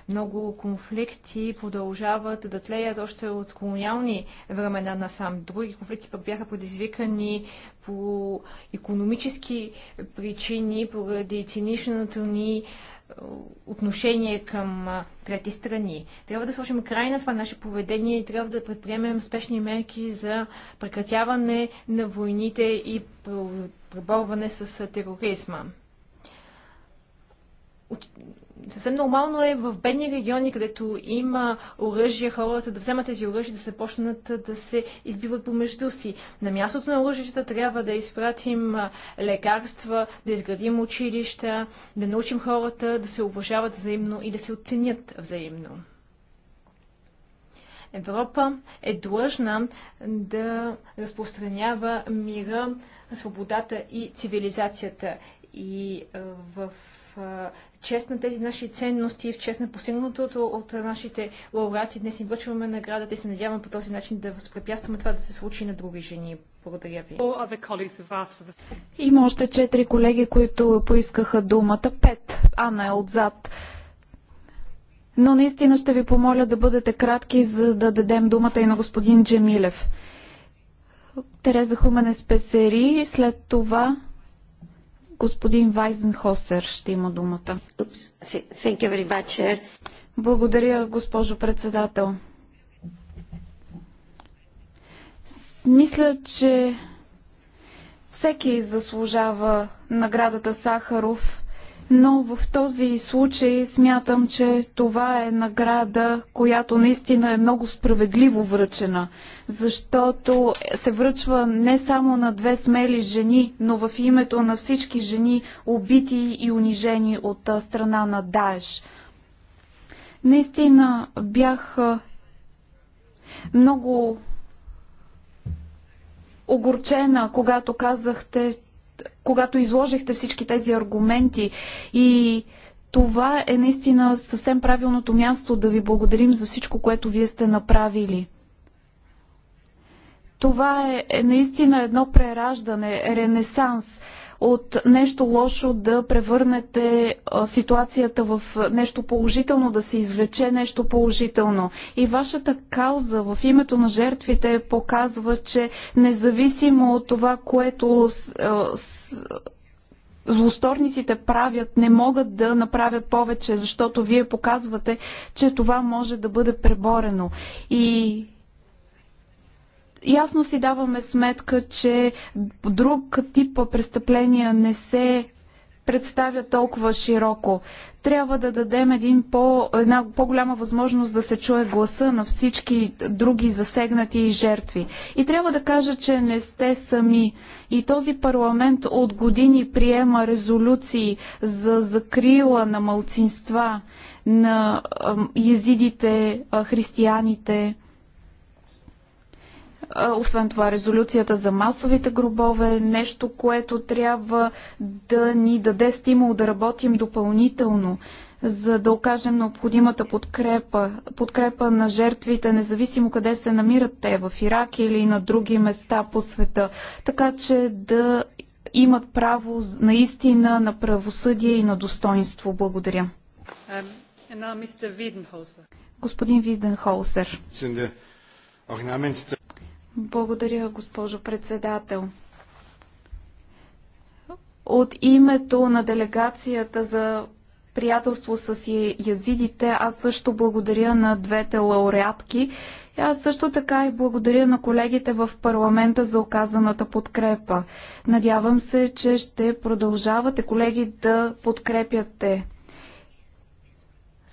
Много конфликти продължават да тлеят още от колониални времена насам. Други конфликти пък бяха предизвикани по економически причини, поради циничната ни отношение към трети страни. Трябва да сложим край на това наше поведение и трябва да предприемем спешни мерки за прекратяване на войните и преборване с тероризма съвсем нормално е в бедни региони, където има оръжие, хората да вземат тези оръжия, да се почнат да се избиват помежду си. На мястото на оръжията трябва да изпратим лекарства, да изградим училища, да научим хората да се уважават взаимно и да се оценят взаимно. Европа е длъжна да разпространява мира, свободата и цивилизацията. И в е, чест на тези наши ценности, в чест на постигнатото от нашите лауреати днес им връчваме наградата и се надяваме по този начин да възпрепятстваме това да се случи на други жени. Благодаря ви. Има още четири колеги, които поискаха думата. Пет. Ана е отзад. Но наистина ще ви помоля да бъдете кратки, за да дадем думата и на господин Джемилев. Тереза Хуменес спесери, след това Господин Вайзенхосер ще има думата. Благодаря, госпожо председател. Мисля, че всеки заслужава наградата Сахаров но в този случай смятам, че това е награда, която наистина е много справедливо връчена, защото се връчва не само на две смели жени, но в името на всички жени, убити и унижени от страна на Даеш. Наистина бях много огорчена, когато казахте, когато изложихте всички тези аргументи и това е наистина съвсем правилното място да ви благодарим за всичко, което вие сте направили. Това е, е наистина едно прераждане, ренесанс – от нещо лошо да превърнете ситуацията в нещо положително, да се извлече нещо положително. И вашата кауза в името на жертвите показва, че независимо от това, което злосторниците правят, не могат да направят повече, защото вие показвате, че това може да бъде преборено. И Ясно си даваме сметка, че друг тип престъпления не се представя толкова широко. Трябва да дадем един по, една по-голяма възможност да се чуе гласа на всички други засегнати и жертви. И трябва да кажа, че не сте сами. И този парламент от години приема резолюции за закрила на малцинства, на езидите, християните, освен това, резолюцията за масовите гробове е нещо, което трябва да ни даде стимул да работим допълнително за да окажем необходимата подкрепа, подкрепа на жертвите, независимо къде се намират те, в Ирак или на други места по света, така че да имат право наистина на правосъдие и на достоинство. Благодаря. Господин Виденхолсер. Благодаря, госпожо председател. От името на делегацията за приятелство с язидите, аз също благодаря на двете лауреатки. Аз също така и благодаря на колегите в парламента за оказаната подкрепа. Надявам се, че ще продължавате, колеги, да подкрепяте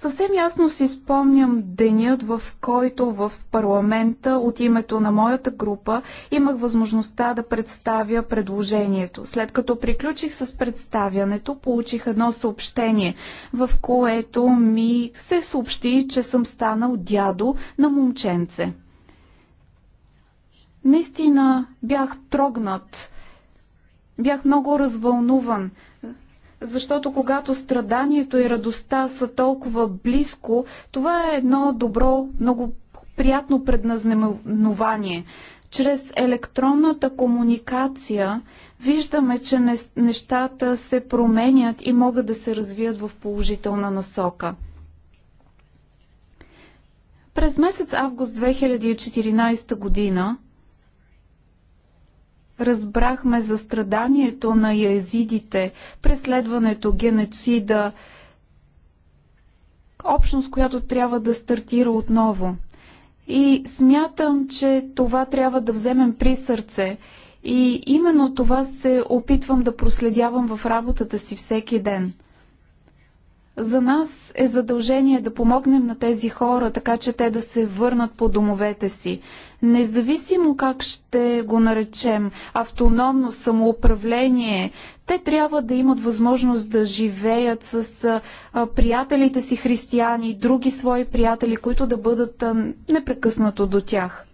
Съвсем ясно си спомням денят, в който в парламента от името на моята група имах възможността да представя предложението. След като приключих с представянето, получих едно съобщение, в което ми се съобщи, че съм станал дядо на момченце. Наистина бях трогнат, бях много развълнуван защото когато страданието и радостта са толкова близко, това е едно добро, много приятно предназнаменование. Чрез електронната комуникация виждаме, че нещата се променят и могат да се развият в положителна насока. През месец август 2014 година разбрахме за страданието на язидите, преследването, геноцида, общност, която трябва да стартира отново. И смятам, че това трябва да вземем при сърце. И именно това се опитвам да проследявам в работата си всеки ден – за нас е задължение да помогнем на тези хора, така че те да се върнат по домовете си. Независимо как ще го наречем автономно самоуправление, те трябва да имат възможност да живеят с а, приятелите си християни, други свои приятели, които да бъдат а, непрекъснато до тях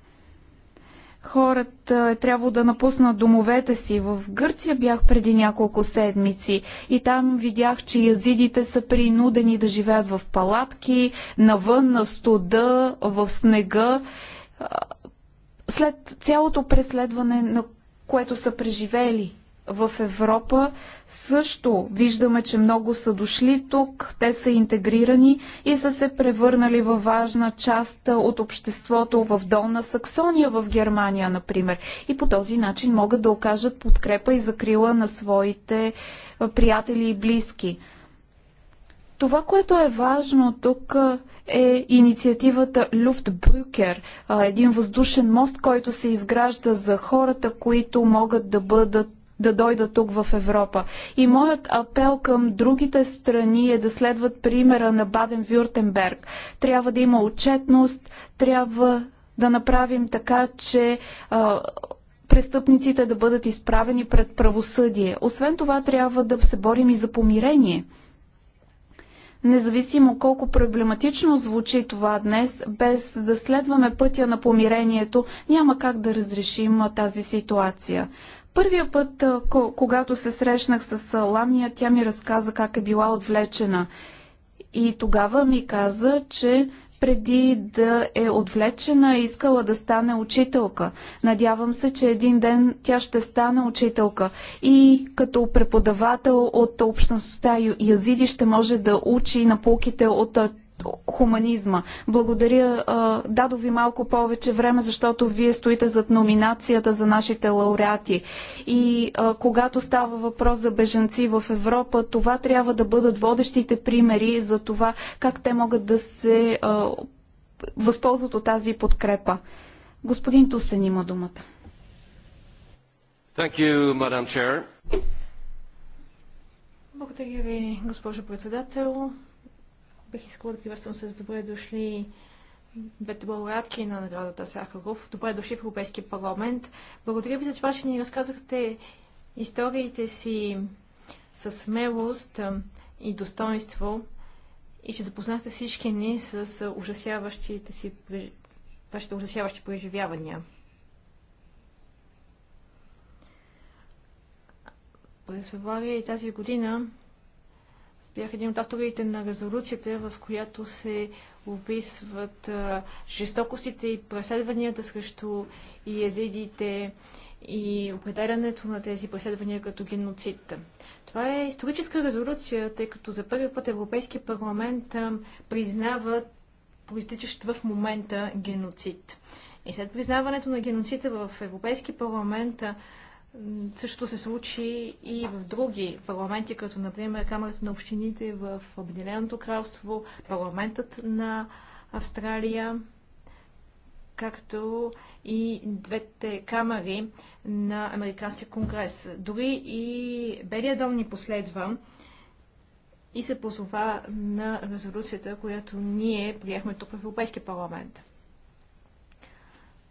хората е трябвало да напуснат домовете си. В Гърция бях преди няколко седмици и там видях, че язидите са принудени да живеят в палатки, навън, на студа, в снега. След цялото преследване, на което са преживели в Европа също виждаме, че много са дошли тук, те са интегрирани и са се превърнали във важна част от обществото в Долна Саксония в Германия, например. И по този начин могат да окажат подкрепа и закрила на своите приятели и близки. Това, което е важно тук е инициативата Люфтбрюкер, един въздушен мост, който се изгражда за хората, които могат да бъдат да дойдат тук в Европа. И моят апел към другите страни е да следват примера на Баден-Вюртенберг. Трябва да има отчетност, трябва да направим така, че а, престъпниците да бъдат изправени пред правосъдие. Освен това, трябва да се борим и за помирение. Независимо колко проблематично звучи това днес, без да следваме пътя на помирението, няма как да разрешим тази ситуация. Първия път, когато се срещнах с Ламия, тя ми разказа как е била отвлечена. И тогава ми каза, че преди да е отвлечена, е искала да стане учителка. Надявам се, че един ден тя ще стане учителка и като преподавател от общността язиди ще може да учи на полките от хуманизма. Благодаря. Дадо ви малко повече време, защото вие стоите зад номинацията за нашите лауреати. И когато става въпрос за беженци в Европа, това трябва да бъдат водещите примери за това как те могат да се възползват от тази подкрепа. Господин Тусен има думата. Thank you, Madam Chair. Благодаря ви, госпожо председател. Бих искала да приветствам с добре дошли двете лауреатки на наградата Сахаров. Добре дошли в Европейския парламент. Благодаря ви за това, че ни разказахте историите си с смелост и достоинство и че запознахте всички ни с ужасяващите си, вашите ужасяващи преживявания. През февруари тази година Бях един от авторите на резолюцията, в която се описват жестокостите и преследванията срещу езидите и определянето на тези преследвания като геноцид. Това е историческа резолюция, тъй като за първи път Европейския парламент признава политичещ в момента геноцид. И след признаването на геноцида в Европейски парламент Същото се случи и в други парламенти, като например Камерата на общините в Обединеното кралство, парламентът на Австралия, както и двете камери на Американския конгрес. Дори и Белия дом ни последва и се позова на резолюцията, която ние приехме тук в Европейския парламент.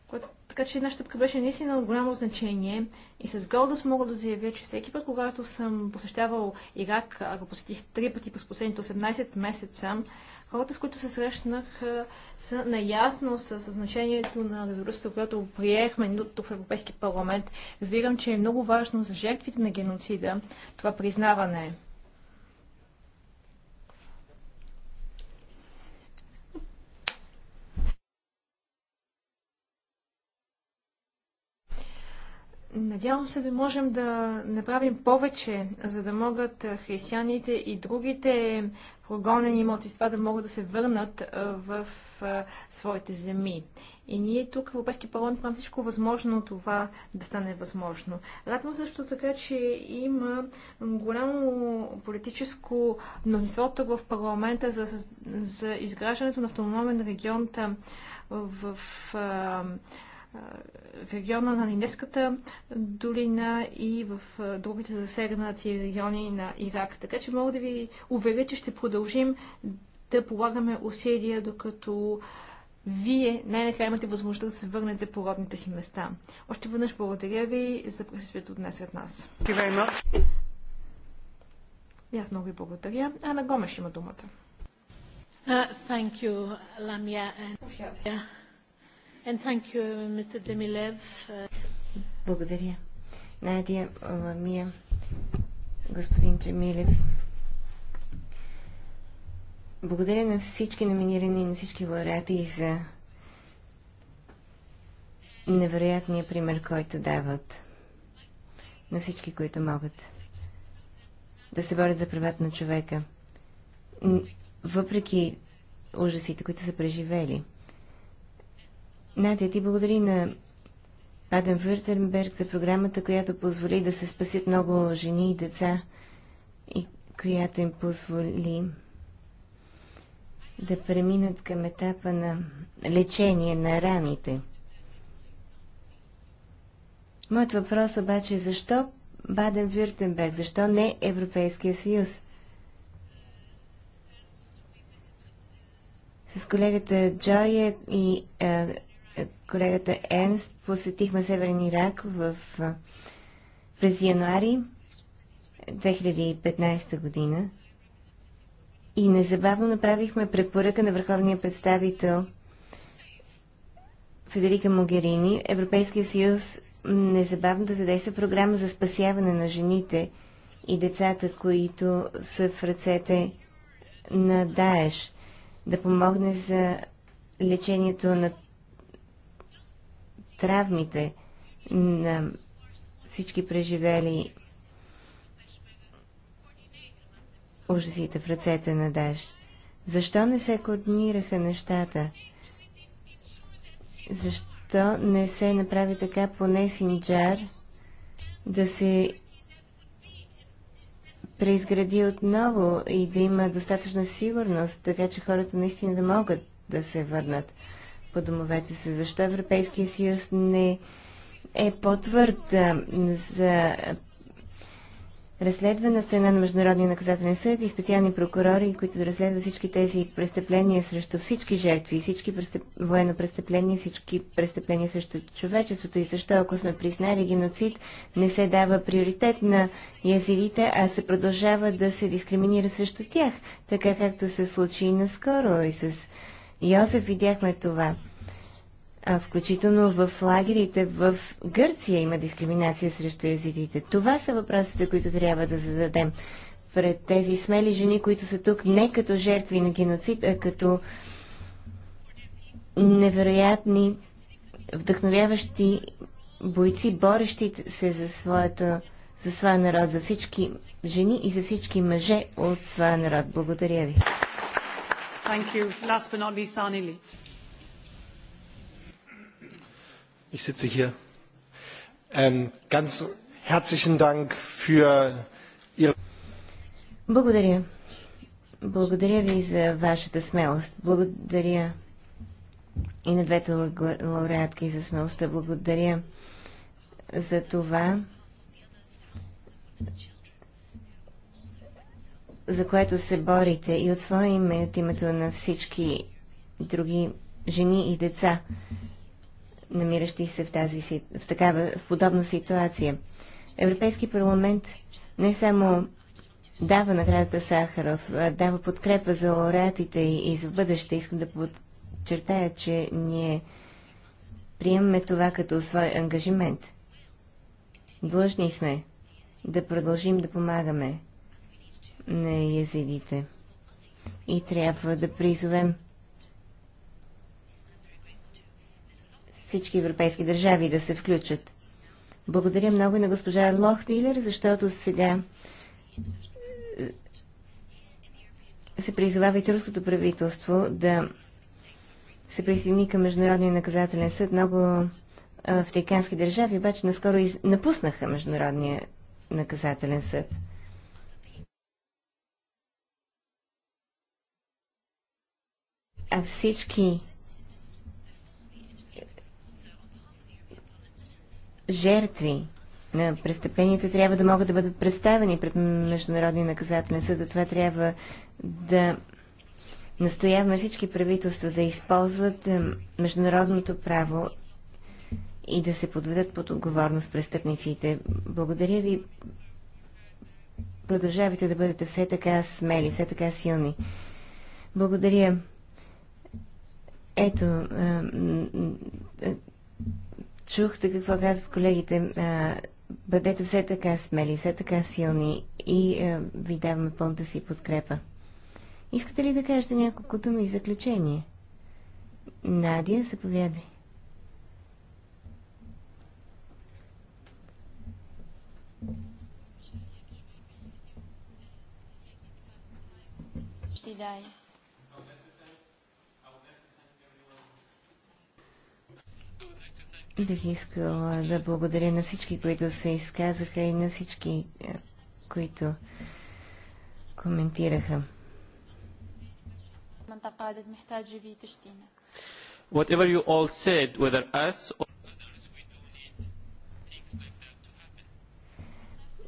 Което така че една стъпка беше наистина от голямо значение и с гордост мога да заявя, че всеки път, когато съм посещавал Ирак, а го посетих три пъти през последните 18 месеца, хората, с които се срещнах, са наясно с значението на резолюцията, която приехме тук в Европейски парламент. Разбирам, че е много важно за жертвите на геноцида това признаване. Надявам се да можем да направим повече, за да могат християните и другите прогонени младсиства да могат да се върнат в своите земи. И ние тук в Европейския парламент правим всичко възможно това да стане възможно. Радвам също така, че има голямо политическо мнозинство тук в парламента за, за изграждането на автономен регион в, в в региона на Нинеската долина и в другите засегнати региони на Ирак. Така че мога да ви уверя, че ще продължим да полагаме усилия, докато вие най-накрая имате възможността да се върнете по родните си места. Още веднъж благодаря ви за присъствието днес сред нас. И аз много ви благодаря. Ана Гомеш има думата. Uh, thank you, Lamia. And... You, Благодаря. Надя Ламия, господин Джемилев. Благодаря на всички номинирани и на всички лауреати за невероятния пример, който дават на всички, които могат да се борят за правата на човека, въпреки ужасите, които са преживели – Надя, ти благодари на Адам Вюртенберг за програмата, която позволи да се спасят много жени и деца и която им позволи да преминат към етапа на лечение на раните. Моят въпрос обаче е защо Баден-Вюртенберг, защо не Европейския съюз? С колегата Джоя и колегата Енст посетихме Северен Ирак в, през януари 2015 година и незабавно направихме препоръка на върховния представител Федерика Могерини, Европейския съюз незабавно да задейства програма за спасяване на жените и децата, които са в ръцете на Даеш, да помогне за лечението на травмите на всички преживели ужасите в ръцете на Даш. Защо не се координираха нещата? Защо не се направи така поне Синджар да се преизгради отново и да има достатъчна сигурност, така че хората наистина да могат да се върнат? по домовете си. Защо Европейския съюз не е по-твърд за разследване страна на Международния наказателен съд и специални прокурори, които да разследват всички тези престъпления срещу всички жертви, всички престъп... военно престъпления, всички престъпления срещу човечеството и защо, ако сме признали геноцид, не се дава приоритет на язидите, а се продължава да се дискриминира срещу тях, така както се случи и наскоро и с Йозеф видяхме това. А включително в лагерите в Гърция има дискриминация срещу езидите. Това са въпросите, които трябва да зададем пред тези смели жени, които са тук не като жертви на геноцид, а като невероятни, вдъхновяващи бойци, борещи се за, своята, за своя народ, за всички жени и за всички мъже от своя народ. Благодаря ви. Thank you. Last but not least, Arne Leeds. Ich sitze hier. Ähm, ganz herzlichen Dank für Ihre. Благодаря. Благодаря ви за вашата смелост. Благодаря и на двете лауреатки за смелостта. Благодаря за това, за което се борите и от свое име, от името на всички други жени и деца, намиращи се в, тази, в, такава, в подобна ситуация. Европейски парламент не само дава наградата Сахаров, а дава подкрепа за лауреатите и за бъдеще. Искам да подчертая, че ние приемаме това като свой ангажимент. Длъжни сме да продължим да помагаме на язидите. И трябва да призовем всички европейски държави да се включат. Благодаря много на госпожа Лохвилер, защото сега е, се призовава и турското правителство да се присъедини към Международния наказателен съд. Много е, африкански държави обаче наскоро напуснаха Международния наказателен съд. а всички жертви на престъпленията трябва да могат да бъдат представени пред Международния наказателен съд. Затова трябва да настояваме всички правителства да използват е, международното право и да се подведат под отговорност престъпниците. Благодаря ви. Продължавайте да бъдете все така смели, все така силни. Благодаря. Ето, чухте какво казват колегите. Бъдете все така смели, все така силни и ви даваме пълната си подкрепа. Искате ли да кажете няколко думи в заключение? Надя, заповядай. Ще дай. Бих искала да благодаря на всички, които се изказаха и на всички, е, които коментираха. Whatever you all said, whether us or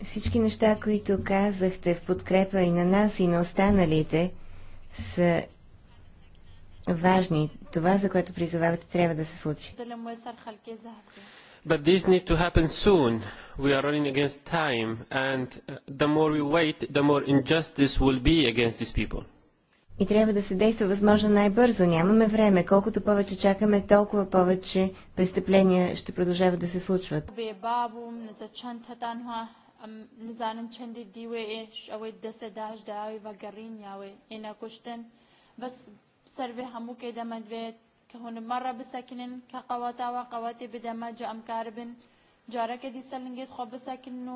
Всички неща, които казахте в подкрепа и на нас, и на останалите, са важни. Това, за което призовавате, трябва да се случи. But this need to happen soon. We are running against time, and uh, the more we wait, the more injustice will be against these people. И трябва да се действа възможно най-бързо. Нямаме време. Колкото повече чакаме, толкова повече престъпления ще продължават да се случват. بس سر به همو که سەروێ هەموو کەی دەمەدوێت کە هونمەڕە بسەکنن کە قەوەتاوە قەوەتی بدەمە جە بین جارا که دی سلنگید خۆ بسکنن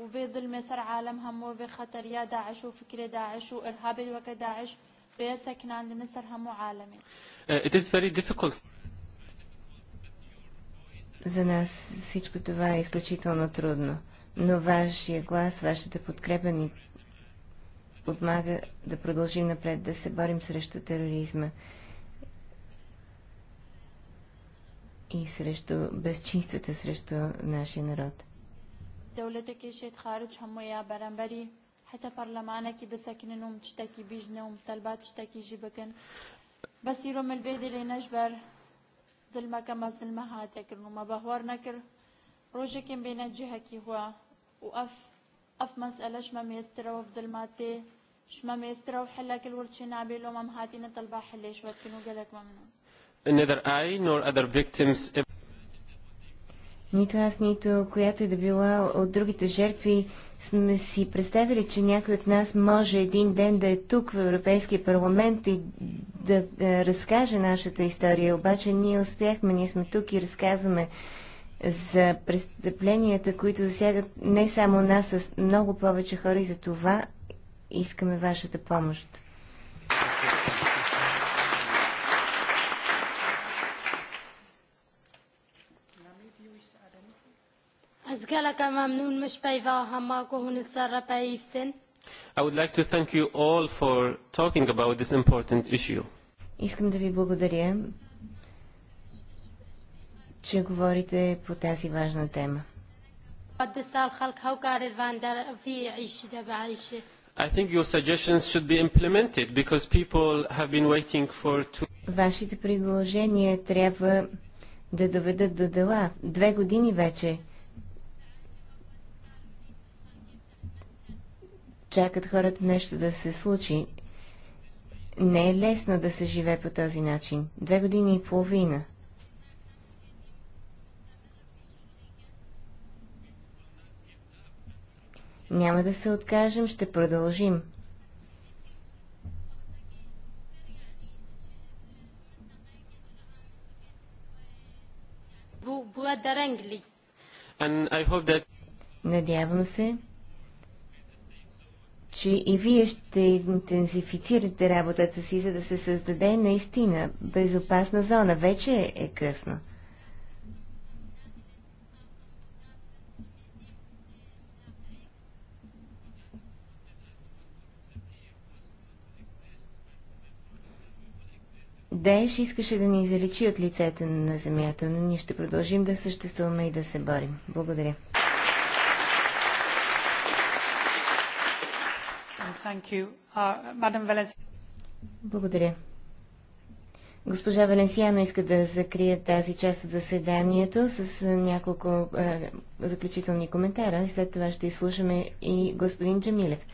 و به ظلم سر عالم همو به خطر یا داعش و فکر داعش و ئەرهابێت وەکە داعش به بێ دن سر همو عالمی It is very difficult. За нас всичко това е изключително трудно, но вашия глас, вашата подкрепа ни подмага да продължим напред, да се борим срещу тероризма и срещу безчинствата срещу нашия народ. دولتك شيت خارج هم يا برنبري حتى برلمانك بسكننهم تشتكي بيجنهم طلبات تشتكي جبكن بس يروم البيد اللي نجبر ظلمة كما ظلمة هاتكر وما بهور نكر روجك بين جهك هو وأف أف مسألة ما ميستر وف ظلماتي شما ميسترو حلا كل ورد شنابي لو مام هاتين طلبا حلي شو كنو قالك ممنون Neither I nor other victims нито аз, нито която и да била от другите жертви сме си представили, че някой от нас може един ден да е тук в Европейския парламент и да, да е, разкаже нашата история. Обаче ние успяхме, ние сме тук и разказваме за престъпленията, които засягат не само нас, а много повече хора и за това Искаме вашата помощ. I would like to thank you all for talking about this important issue. Искам да ви благодаря, че говорите по тази важна тема. I think your suggestions should be implemented because people have been waiting for two... Вашите предложения трябва да доведат до дела. Две години вече чакат хората нещо да се случи. Не е лесно да се живее по този начин. Две години и половина. Няма да се откажем, ще продължим. Надявам се, че и вие ще интензифицирате работата си, за да се създаде наистина безопасна зона. Вече е късно. Даеш искаше да ни залечи от лицето на земята, но ние ще продължим да съществуваме и да се борим. Благодаря. Uh, Благодаря. Госпожа Валенсиано иска да закрие тази част от заседанието с няколко е, заключителни коментара след това ще изслушаме и господин Джамилев.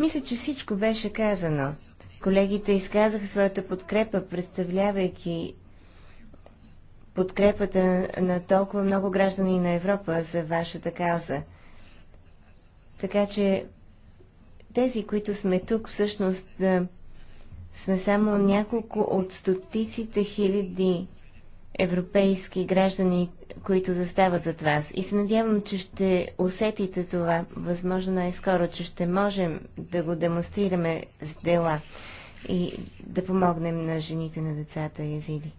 Мисля, че всичко беше казано. Колегите изказаха своята подкрепа, представлявайки подкрепата на толкова много граждани на Европа за вашата кауза. Така че тези, които сме тук, всъщност сме само няколко от стотиците хиляди европейски граждани, които застават зад вас. И се надявам, че ще усетите това, възможно най-скоро, че ще можем да го демонстрираме с дела и да помогнем на жените, на децата и езиди.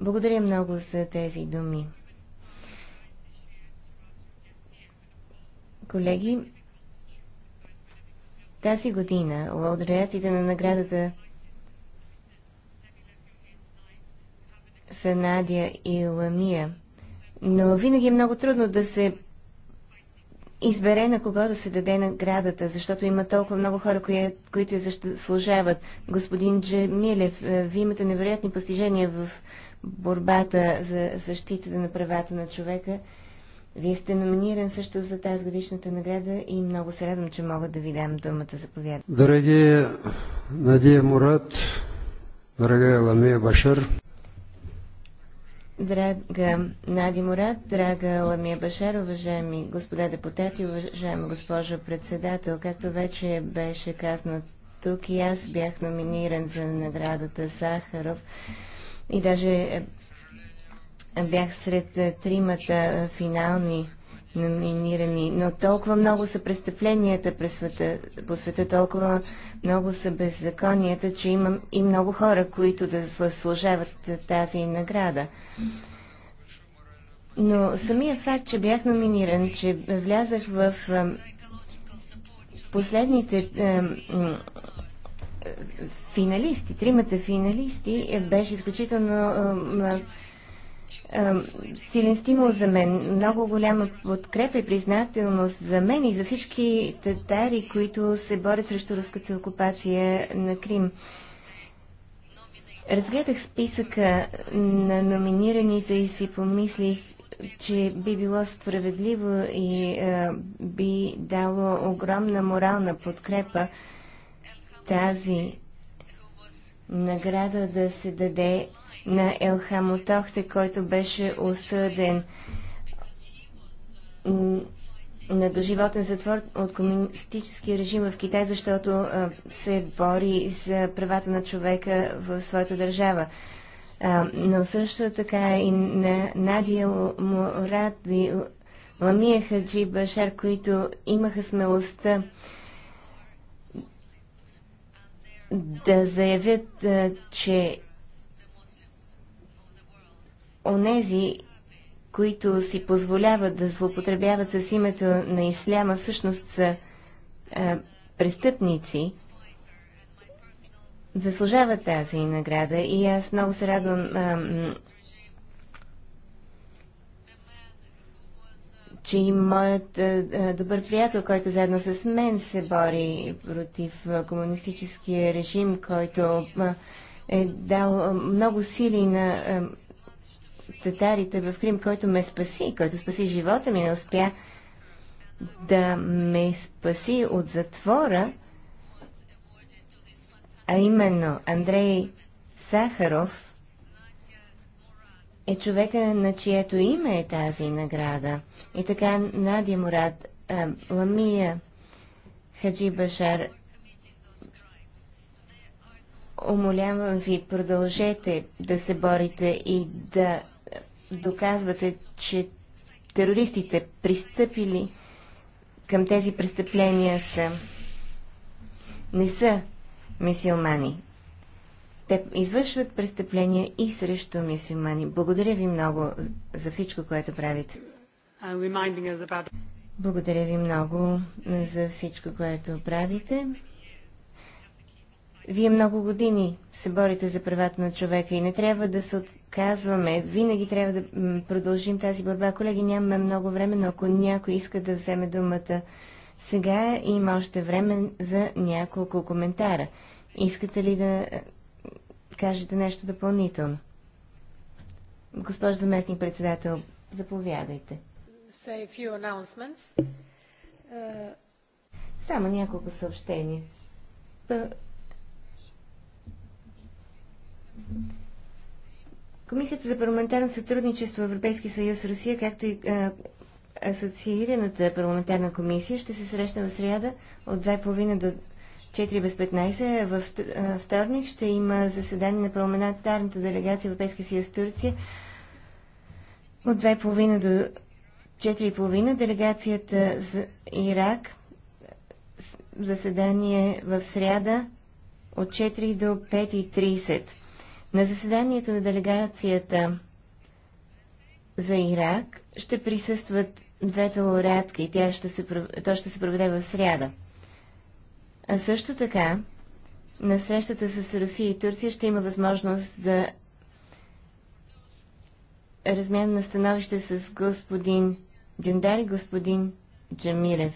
Благодаря много за тези думи. Колеги, тази година лауреатите на наградата са Надя и Ламия. Но винаги е много трудно да се избере на кого да се даде наградата, защото има толкова много хора, кои, които я заслужават. Господин Джемилев, е, вие имате невероятни постижения в борбата за защита на правата на човека. Вие сте номиниран също за тази годишната награда и много се радвам, че мога да ви дам думата за повяд. Дорогие Надия Мурат, дорогая Ламия Башар, Драга Нади Мурат, драга Ламия Башар, уважаеми господа депутати, уважаема госпожа председател, както вече беше казано тук и аз бях номиниран за наградата Сахаров и даже е, бях сред е, тримата финални номинирани. Но толкова много са престъпленията през света, по света, толкова много са беззаконията, че имам и много хора, които да заслужават тази награда. Но самия факт, че бях номиниран, че влязах в последните финалисти, тримата финалисти, беше изключително силен стимул за мен, много голяма подкрепа и признателност за мен и за всички татари, които се борят срещу руската окупация на Крим. Разгледах списъка на номинираните и си помислих, че би било справедливо и би дало огромна морална подкрепа тази награда да се даде на Елхам Отохте, който беше осъден на доживотен затвор от комунистическия режим в Китай, защото а, се бори за правата на човека в своята държава. А, но също така и на Надия Мурат и Ламия Хаджи Башар, които имаха смелостта да заявят, а, че онези, които си позволяват да злоупотребяват с името на исляма, всъщност са а, престъпници, заслужават тази награда. И аз много се радвам, а, че и моят а, добър приятел, който заедно с мен се бори против комунистическия режим, който а, е дал а, много сили на. А, татарите в Крим, който ме спаси, който спаси живота ми, не успя да ме спаси от затвора, а именно Андрей Сахаров е човека, на чието име е тази награда. И така Надя Мурат, Ламия, Хаджи Башар, умолявам ви, продължете да се борите и да доказвате, че терористите, пристъпили към тези престъпления, са не са мисиомани. Те извършват престъпления и срещу мисиомани. Благодаря ви много за всичко, което правите. Благодаря ви много за всичко, което правите. Вие много години се борите за правата на човека и не трябва да се казваме, винаги трябва да продължим тази борба. Колеги, нямаме много време, но ако някой иска да вземе думата сега, има още време за няколко коментара. Искате ли да е, кажете нещо допълнително? Госпожо заместник председател, заповядайте. Uh... Само няколко съобщения. Комисията за парламентарно сътрудничество Европейски съюз Русия, както и асоциираната парламентарна комисия, ще се срещна в среда от 2.30 до 4 без 15. Във вторник ще има заседание на парламентарната делегация Европейски съюз Турция от 2.30 до 4.30. Делегацията за Ирак заседание в сряда от 4 до 5.30. На заседанието на делегацията за Ирак ще присъстват двете лауреатки и тя ще се, то ще се проведе в сряда. А също така, на срещата с Русия и Турция ще има възможност за размяна на становище с господин Дюндар и господин Джамилев.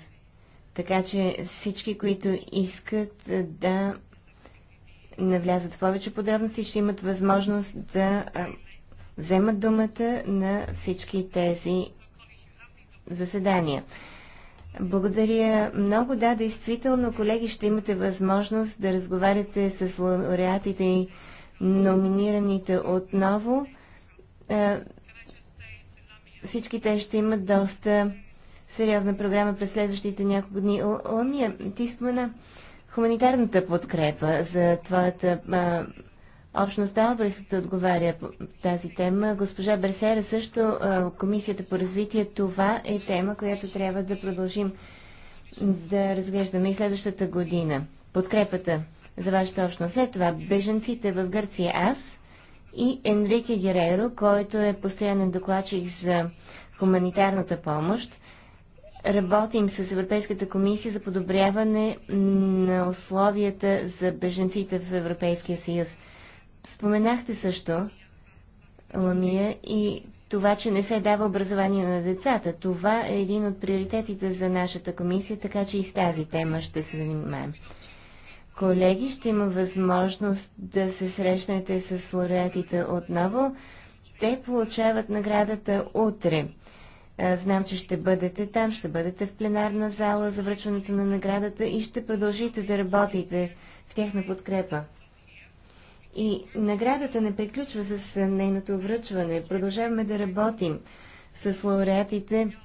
Така че всички, които искат да навлязат в повече подробности, ще имат възможност да вземат думата на всички тези заседания. Благодаря много. Да, действително, колеги, ще имате възможност да разговаряте с лауреатите и номинираните отново. Всички те ще имат доста сериозна програма през следващите няколко дни. Ламия, ти спомена хуманитарната подкрепа за твоята а, общност. Албрехт отговаря по тази тема. Госпожа Берсера също, а, Комисията по развитие, това е тема, която трябва да продължим да разглеждаме и следващата година. Подкрепата за вашата общност. След това беженците в Гърция аз и Енрике Гереро, който е постоянен докладчик за хуманитарната помощ. Работим с Европейската комисия за подобряване на условията за беженците в Европейския съюз. Споменахте също, Ламия, и това, че не се дава образование на децата. Това е един от приоритетите за нашата комисия, така че и с тази тема ще се занимаем. Колеги, ще има възможност да се срещнете с лауреатите отново. Те получават наградата утре. Е, знам, че ще бъдете там, ще бъдете в пленарна зала за връчването на наградата и ще продължите да работите в тяхна подкрепа. И наградата не приключва с е, нейното връчване. Продължаваме да работим с лауреатите.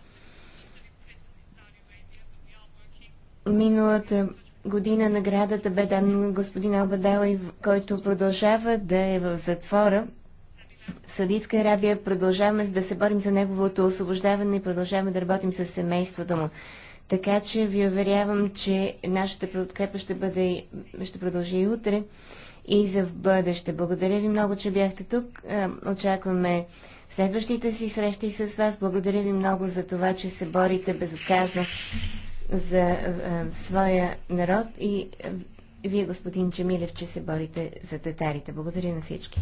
Миналата година наградата бе дадена на господин Албадала, който продължава да е в затвора в Саудитска Арабия, продължаваме да се борим за неговото освобождаване и продължаваме да работим с семейството му. Така че ви уверявам, че нашата подкрепа ще, бъде, ще продължи и утре и за в бъдеще. Благодаря ви много, че бяхте тук. Очакваме следващите си срещи с вас. Благодаря ви много за това, че се борите безоказно за а, своя народ и а, вие, господин Чемилев, че се борите за татарите. Благодаря на всички.